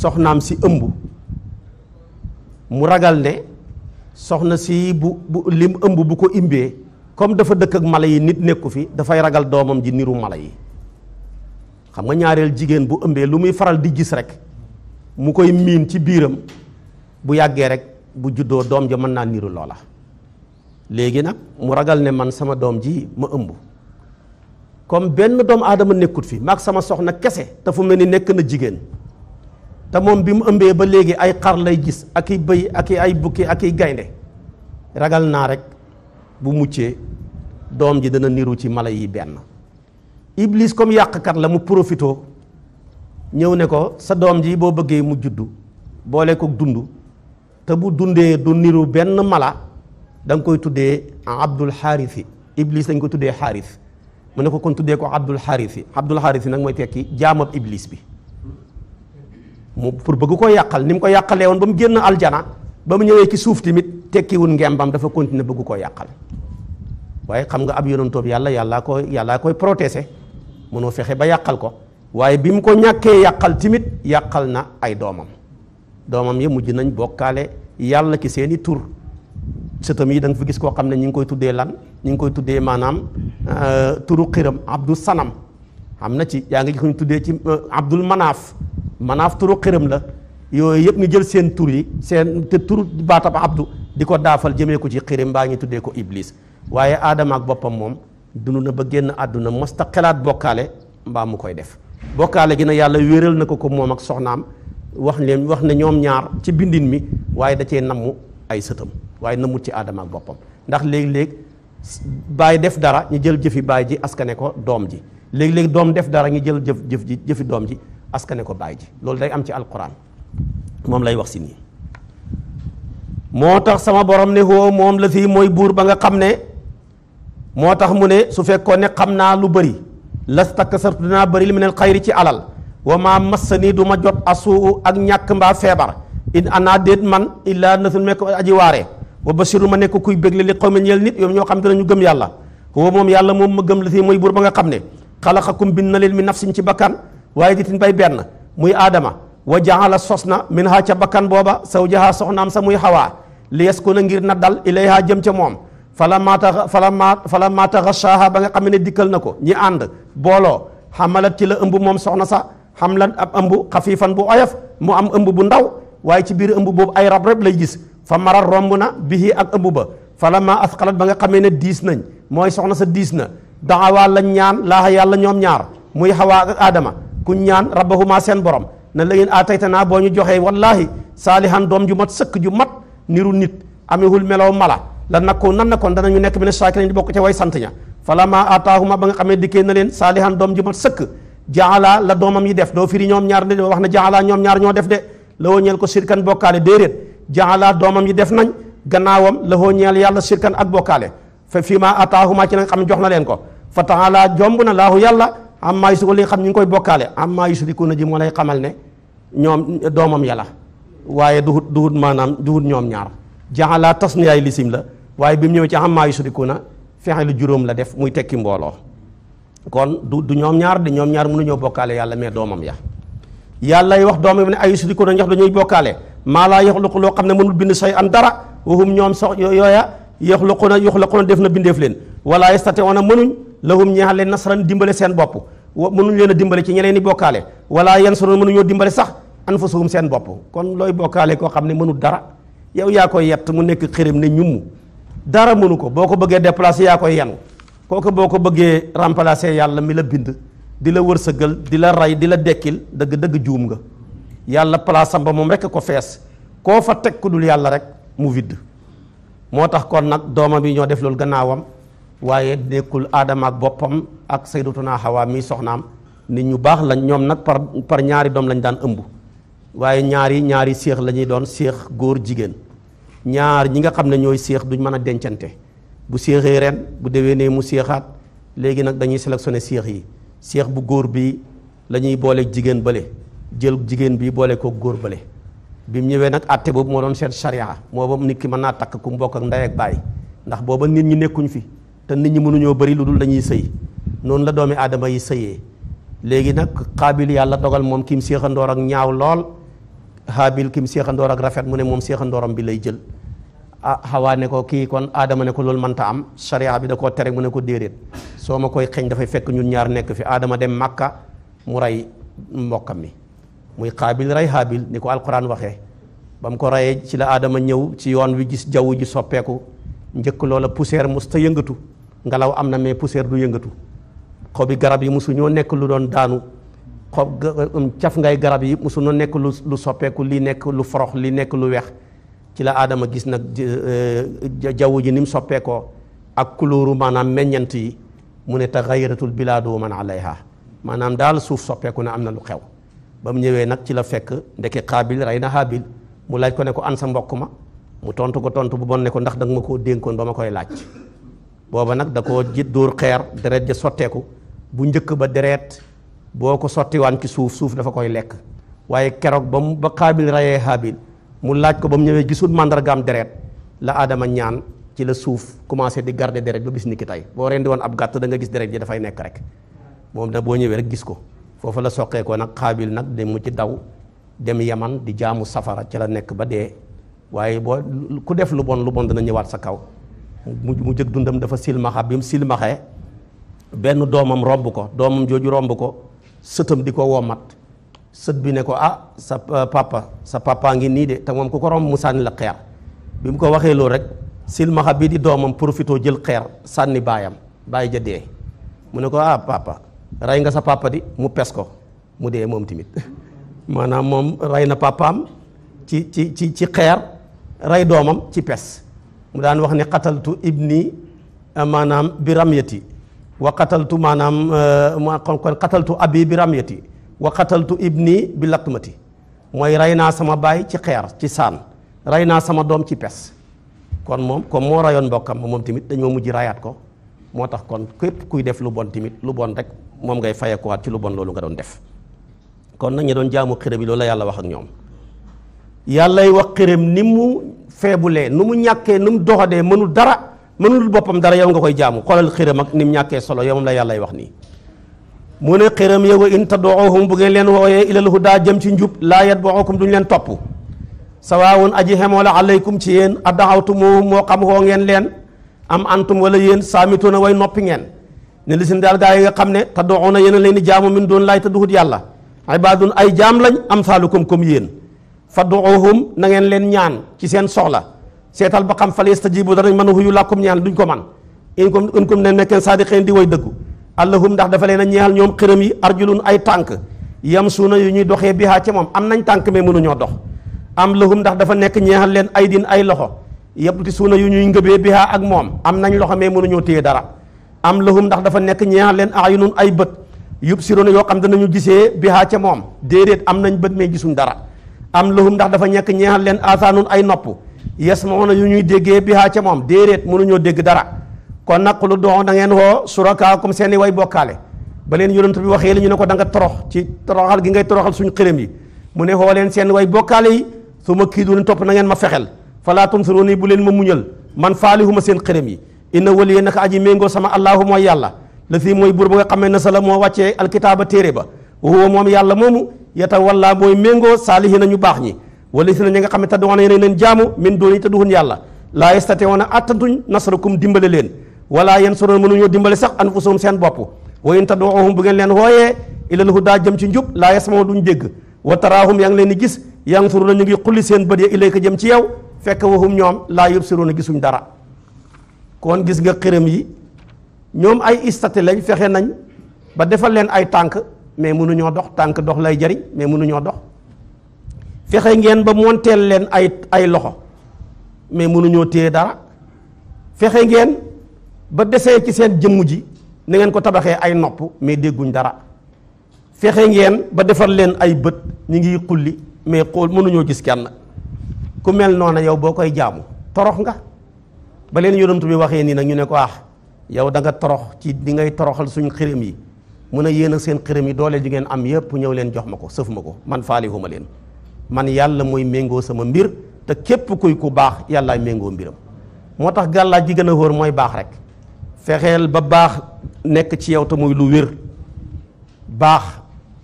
soxnaam si ëmb mu ragal ne soxna si bu bu lim ëmb bu ko imbee comme dafa dëkk ak mala yi nit nekku fi dafay ragal doomam ji niru mala yi xam nga ñaareel jigéen bu ëmbee lu muy faral di gis rek mu koy miin ci biiram bu yàggee rek bu juddoo doom ja mën naa niru loola léegi nag mu ragal ne man sama doom ji ma ëmb comme benn doom aadama nekkut fi maag sama soxna kese te fu mel ni nekk na jigéen te moom bi mu ëmbee ba léegi ay xar lay gis ak i bëy ak i ay bukki ak i gaynde ragal naa rek bu muccee doom ji dana niru ci mala yi benn Iblis comme yàq yàqkat la mu profitoo ñëw ne ko sa doom ji boo bëggee mu juddu boole ko dund te bu dundee du niru benn mala da koy tuddee Abdul Xaarisi Iblis dañ ko tuddee Xaaris mu ne ko kon tuddee ko Abdul Xaarisi Abdul Xaarisi nag mooy tekki jaamab Iblis bi mu pour bëgg koo yàqal ni mu ko yàqalee woon ba mu génn aljana ba mu ñëwee ci suuf tamit tekkiwul ngembam dafa continuer bëgg koo yàqal waaye xam nga ab yonantoob yàlla yàllaa koy yàllaa koy protéger. mënoo fexe ba yàqal ko waaye bi mu ko ñàkkee yàqal timit yàqal na ay doomam doomam yi mujj nañ bokkaale yàlla ki seeni tur sëtam yi da nga fi gis koo xam ne ñu ngi koy tuddee lan ñu ngi koy tuddee maanaam euh, turu xiram abdul sanam am na ci yaa ngi ko ñu tuddee ci euh, abdul manaaf manaaf turu xiram la yooyu yëpp ñu jël seen tur yi seen te tur baatab abdu di ko daafal jëmee ko ci xirim mbaa ñu tuddee ko iblis waaye aadama boppam moom dund na ba génn àdduna mos ta xelaat bokkaale mbaa mu koy def bokkaale gi na yàlla wéeral na ko ko moom ak soxnaam wax leen wax ne ñoom ñaar ci bindin mi waaye da cee namm ay sëtam waaye namut ci aadama boppam ndax léeg-léeg bàyyi def dara ñu jël jëfi bàyyi ji askane ko doom ji léeg-léeg doom def dara ñu jël jëf jëf ji jëfi doom ji askane ko baay ji loolu day am ci alquran moom lay wax si nii moo tax sama borom ne hoo moom la fii mooy buur ba nga xam ne moo tax mu ne su fekkoon ne xam naa lu bëri lastakasartu dinaa bëri li mu ne xayri ci alal wa maa massa nii du ma jot a asuu ak ñàkk mbaa feebar in ana déet man illaa nasun mekk aji waare wa basiru ma nekk kuy bégle li xaw ma ñeel nit yow ñoo xam te ne ñu gëm yàlla huwa moom yàlla moom ma gëm la si mooy buur ba nga xam ne xalaqakum bind na leen mi nafsin ci bakkan waaye ditin bay benn muy aadama wa jaala sos na min ha ca bakkan booba sawjaha soxnaam sa muy xawaa li yaskuna ngir na dal ilayha jëm ca moom falammaa taxa falammaa falammaa taxashaaha ba nga xam ne dikkal na ko ñi ànd booloo xamalat ci la ëmb moom soxna sax xamlan ab ëmb xafiifan bu oyof mu am ëmb bu ndaw waaye ci biir ëmb boobu ay rab rab lay gis fa marat romb na bihi ak ëmb ba falammaa asqalat ba nga xamee ne diis nañ mooy soxna sa diis na daxawaa lañ ñaan laaxa yàlla ñoom ñaar muy xawaa ak aadama ku ñaan rabbahuma seen borom na la ngeen aataytanaa boo ñu joxee wallaahi saalihan doom ju mat sëkk ju mat niru nit amewul melow mala la nakkoon nan na nakkoon danañu nekk mina shaakirin di bokk ca way sant ña falamma aataahuma ba nga xamee dikkee na leen saalihan doom ji mat sëkk jaala la doomam yi def doo firi ñaar de wax na jaala ñoom ñaar ñoo def de la woo ñeel ko sirkan bokkaale déedéet jaala doomam yi def nañ gannaawam la woo ñeel yàlla sirkan ak bokkaale fa fii ma ataahuma ci la nga xam jox na leen ko fa taala jomb na laahu yàlla amma yusriku li nga xam ñu ngi koy bokkaale amma yusrikuuna ji moo lay xamal ne ñoom doomam yàlla waaye duhut duhut maanaam duhut ñoom ñaar jaala tasniyaay lisim la waaye bi mu ñëwee ci ammaa na fexe lu juróom la def muy tekki mbooloo kon du du ñoom ñaar de ñoom ñaar mënuñoo bokkaale yàlla mais doomam ya yàlla wax doomam yi ne ay yusrikuuna ñax dañuy bokkaale maa laa yaxluqu loo xam ne mënul bind say an dara wahum ñoom sax yooya yaxluquuna yaxluquuna def na bindeef leen wala yastati'uuna mënuñ lahum ñeexal leen nasran dimbale seen bopp mënuñ leen a dimbale ci ñeneen i bokkaale wala yansuruun mënuñoo dimbale sax an anfusahum seen bopp kon looy bokkaale koo xam ne mënul dara yow yaa koy yett mu nekk xërëm ne ñumm dara mënu ko boo ko bëggee déplacer yaa koy yanu kooku boo ko bëggee remplacer yàlla mi la bind di la wërsëgal di la rey di la dekkil dëgg-dëgg juum nga yàlla palaasam ba moom rekk ko fees koo fa teg ku dul yàlla rek mu vidd moo tax kon nag doomam yi ñoo def loolu gannaawam waaye nekkul aadama ak boppam ak sayyidatuna Hawa mii soxnaam nit ñu baax lañ ñoom nag par par ñaari doom lañ daan ëmb waaye ñaari ñaari séex la ñuy doon séex góor jigéen ñaar ñi nga xam ne ñooy seex duñ mën a dencante bu seexee ren bu dewee déwénee mu seexaat léegi nag dañuy sélectionné seex yi seex bu góor bi la ñuy jigéen bële jël jigéen bii boole ko góor bële bi mu ñëwee nag àtte boobu moo doon seen charia moo bam nit ki mën naa takk ku mbokk ak ndey ak baay ndax booba nit ñi nekkuñ fi te nit ñi mënuñoo bari lu dul dañuy sëy noonu la doomi aadama yi sëyee léegi nag xaabil yàlla dogal moom ki mu séexandoor ak ñaaw lool Haabil ki mu seexandoor ak rafet mu ne moom seexandooram bi lay jël ah xawaa ne ko kii kon aadama ne ko loolu mënta am sharia bi da koo tere mu ne ko déedéet soo ma koy xeeñ dafay fekk ñun ñaar nekk fi aadama dem Makka mu rey mbokkam mi muy Qaabil rey Haabil ni ko alquran waxee ba mu ko reyee ci la aadama ñëw ci yoon wi gis jaww ji soppeeku njëkk loola poussière mos ta yëngatu ngelaw am na mais poussière du yëngatu xobi garab yi mosu ñoo nekk lu doon daanu xob um, caf ngay garab yi mosu na nekk lu soppeeku lii nekk lu forox li nekk lu weex ci la aadama gis nag jaww ji ni mu soppeekoo ak kulóoru maanaam meññant yi mu ne taxayaratul bilaadu wa man alayha maanaam daal suuf soppeeku na am na lu xew ba mu ñëwee nag ci la fekk ndeke xaabil rey na xaabil mu laaj ko ne ko an sa mbokk ma mu tontu ko tontu bu bon ne ko ndax danga ma koo dénkoon ba ma koy laaj booba nag da koo ji dóor xeer deret ja sotteeku bu njëkk ba deret boo ko sottiwaan ci suuf suuf dafa koy lekk waaye keroog ba mu ba xaabil rayee xaabil mu laaj ko ba mu ñëwee gisul màndargaam deret la aadama ñaan ci la suuf commencé di garder deret ba bis ni ki tey boo rendi woon ab gàtt da nga gis deret ji dafay nekk rek moom da boo ñëwee rek gis ko foofu la soqee ko nag xaabil nag de mu ci daw dem yaman di jaamu safara ci la nekk ba dee waaye boo ku def lu bon lu bon dana ñëwaat sa kaw mu mu jëg dundam dafa silmaxa bi mu silmaxee benn doomam romb ko doomam jooju romb ko sëtam di ko wommat sët bi ne ko ah sa euh, papa sa papa ngi nii de te moom ku ko romb mu sànni la xeer bi mu ko waxee loolu rek silmaxa bi di doomam profito jël xeer sànni baayam bàyyi ja dee mu ne ko ah papa rey nga sa papa di mu pes ko mu dee moom tamit maanaam moom rey na papaam ci ci ci ci xeer rey doomam ci pes mu daan wax ne xataltu ibni maanaam biram yati wa qataltu maanaam euh, ma kon kon qataltu abi bi ramyati wa qataltu ibni bi latmati mooy rey naa sama baay ci xeer ci saan rey naa sama doom ci pes kon moom comme moo rayoon mbokkam moom tamit dañoo mujj rayaat ko moo tax kon képp kuy def lu bon tamit lu bon rek moom ngay fayekuwaat ci lu bon loolu nga doon def kon nag ñu doon jaamu xërëm yi loolu la yàlla wax ak ñoom yàllay wax xërëm ni mu feebulee nu mu ñàkkee nu mu doxadee mënul dara mënul boppam dara yow nga koy jaamu xoolal xiram ak nim ñàkkee solo yow moom la yàllay wax nii mu ne xiram yow a in tadoohum bu ngeen leen wooyee ilal huda jëm ci njub laa yatbookum duñ leen topp sawaawun aji xemoo la alaykum ci yéen a daxawtumuhum moo xam woo ngeen leen am antum wala yéen saamituuna way noppi ngeen ne li sin daal gaa yi nga xam ne tadoouna yéen a leen di jaamu min doon laay tadduhut yàlla ibaadun ay jaam lañ am saalukum comme yéen fadoohum na ngeen leen ñaan ci seen soxla seetal ba xam fal yastajibu danañ mën a huyu làkkum ñaan duñ ko man in kum in kum ne nekkeen saadiqeen di way dëggu allahum ndax dafa leen a ñeexal ñoom xërëm yi arjulun ay tànk yam suuna yu ñuy doxee bihaa ca moom am nañ tànk mais mënuñoo dox am lahum ndax dafa nekk ñeexal leen ay din ay loxo yabti suuna yu ñuy ngëbee bihaa ak moom am nañ loxo mais mënuñoo téye dara am lahum ndax dafa nekk ñeexal leen ayunun ay bët yub siroona yoo xam danañu gisee bihaa ca moom déedéet am nañ bët may gisuñ dara am lahum ndax dafa nekk ñeexal leen asaanun ay nopp yasmauna yu ñuy déggee bihaa ca moom déedéet mënuñoo dégg dara kon nag lu doo da ngeen woo surakaakum seen i way bokkaale ba leen yonent bi waxee la ñu ne ko danga nga torox ci toroxal gi ngay toroxal suñu xërëm yi mu ne woo leen seen way bokkaale yi su ma kii du topp na ngeen ma fexel falaa tunsuruni bu leen ma muñal man faalihuma seen xërëm yi inna waliya naka aji méngoo sama allahu mooy yàlla la si mooy buur ba nga xamee ne sa la moo wàccee alkitaaba téere ba wa huwa moom yàlla moomu yata walla mooy méngoo saalihi nañu baax ñi wala si na ñi nga xam ne tadduwoona yéen leen jaamu min doon yi te duhun yàlla laa yastatiwoona attantuñ nasrakum dimbale leen wala yeen soroon mënuñoo dimbale sax anfusahum seen bopp wa in tad'uuhum bu ngeen leen wooyee ilal hudaa jëm ci njub laa yasmaw duñ dégg wa taraahum yaa ngi leen di gis yansuruuna ñu ngi xulli seen bët ya ilayka jëm ci yow fekk waxum ñoom laa yubsiruuna gisuñ dara kon gis nga xërëm yi ñoom ay istati lañ fexe nañ ba defal leen ay tànk mais mënuñoo dox tànk dox lay jariñ mais mënuñoo dox fexe ngeen ba monteel leen ay ay loxo mais mënuñoo téye dara fexe ngeen ba desee ci seen jëmm ji na ngeen ko tabaxee ay nopp mais dégguñ dara fexe ngeen ba defar leen ay bët ñu ngi xulli mais xool mënuñoo gis kenn ku mel noona yow boo koy jaamu torox nga ba leen yonent bi waxee nii nag ñu ne ko ah yow da nga torox ci di ngay toroxal suñu xërëm yi mun a yéen a seen xërëm yi doole ju ngeen am yépp ñëw leen jox ma ko sëf ma ko man faali huma leen man yàlla mooy méngoo sama mbir te képp kuy ku baax yàllaay méngoo mbiram moo tax gàllaaj gi gën a wóor mooy baax rek fexeel ba baax nekk ci yow te muy lu wér baax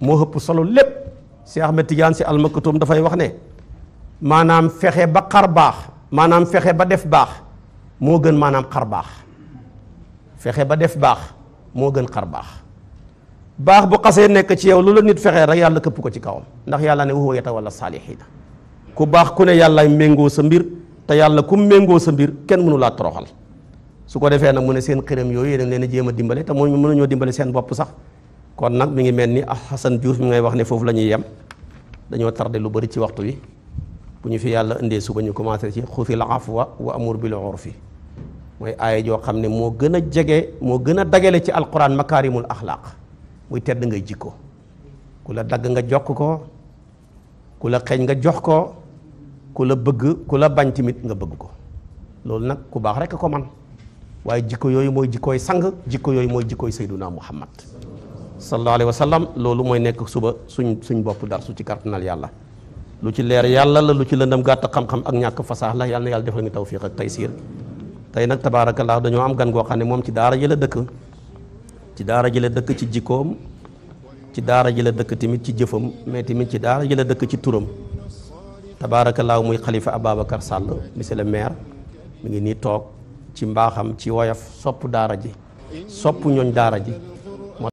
moo ëpp solo lépp si Ahmed Tidiane si almakatum dafay wax ne maanaam fexe ba xar baax maanaam fexe ba def baax moo gën maanaam xar baax fexe ba def baax moo gën xar baax baax bu xasee nekk ci yow lu la nit fexee rek yàlla këpp ko ci kawam ndax yàlla ne huwa yatawalla saalihiina ku baax ku ne yàlla méngoo sa mbir te yàlla ku méngoo sa mbir kenn mënulaa laa toroxal su ko defee nag mu ne seen xiram yooyu dañ leen a jéem a dimbale te moo mënuñoo dimbale seen bopp sax kon nag mu ngi mel ni ah Xasan Diouf mi ngay wax ne foofu la ñuy yem dañoo tardé lu bëri ci waxtu wi bu ñu fi yàlla indee suba ñu commencé ci xusil afwa wa amur bil urfi mooy aaya joo xam ne moo gën a jege moo gën a dagale ci alquran makaarimul axlaaq muy tedd ngay jikko ku la dagg nga jokk ko ku la xeeñ nga jox ko ku la bëgg ku la bañ tamit nga bëgg ko loolu nag ku baax rekk ko man waaye jikko yooyu mooy jikkooy sang jikko yooyu mooy jikkooy sayduna muhammad sallallahu alayhi wa sallam loolu mooy nekk suba suñ suñ bopp dar su ci kartanal yàlla lu ci leer yàlla la lu ci lëndëm gàtt xam-xam ak ñàkk fasaax la yàlla na yàlla defal ñu tawfiq ak taysiir tey nag tabaarakallah dañoo am gan goo xam ne moom ci daara ji dëkk ci daara ji la dëkk ci jikkoom ci daara ji la dëkk tamit ci jëfam mais tamit ci daara ji la dëkk ci turam laaw muy xalifa Ababacar Sall monsieur le maire mu ngi nii toog ci mbaaxam ci woyof sopp daara ji sopp ñooñ daara ji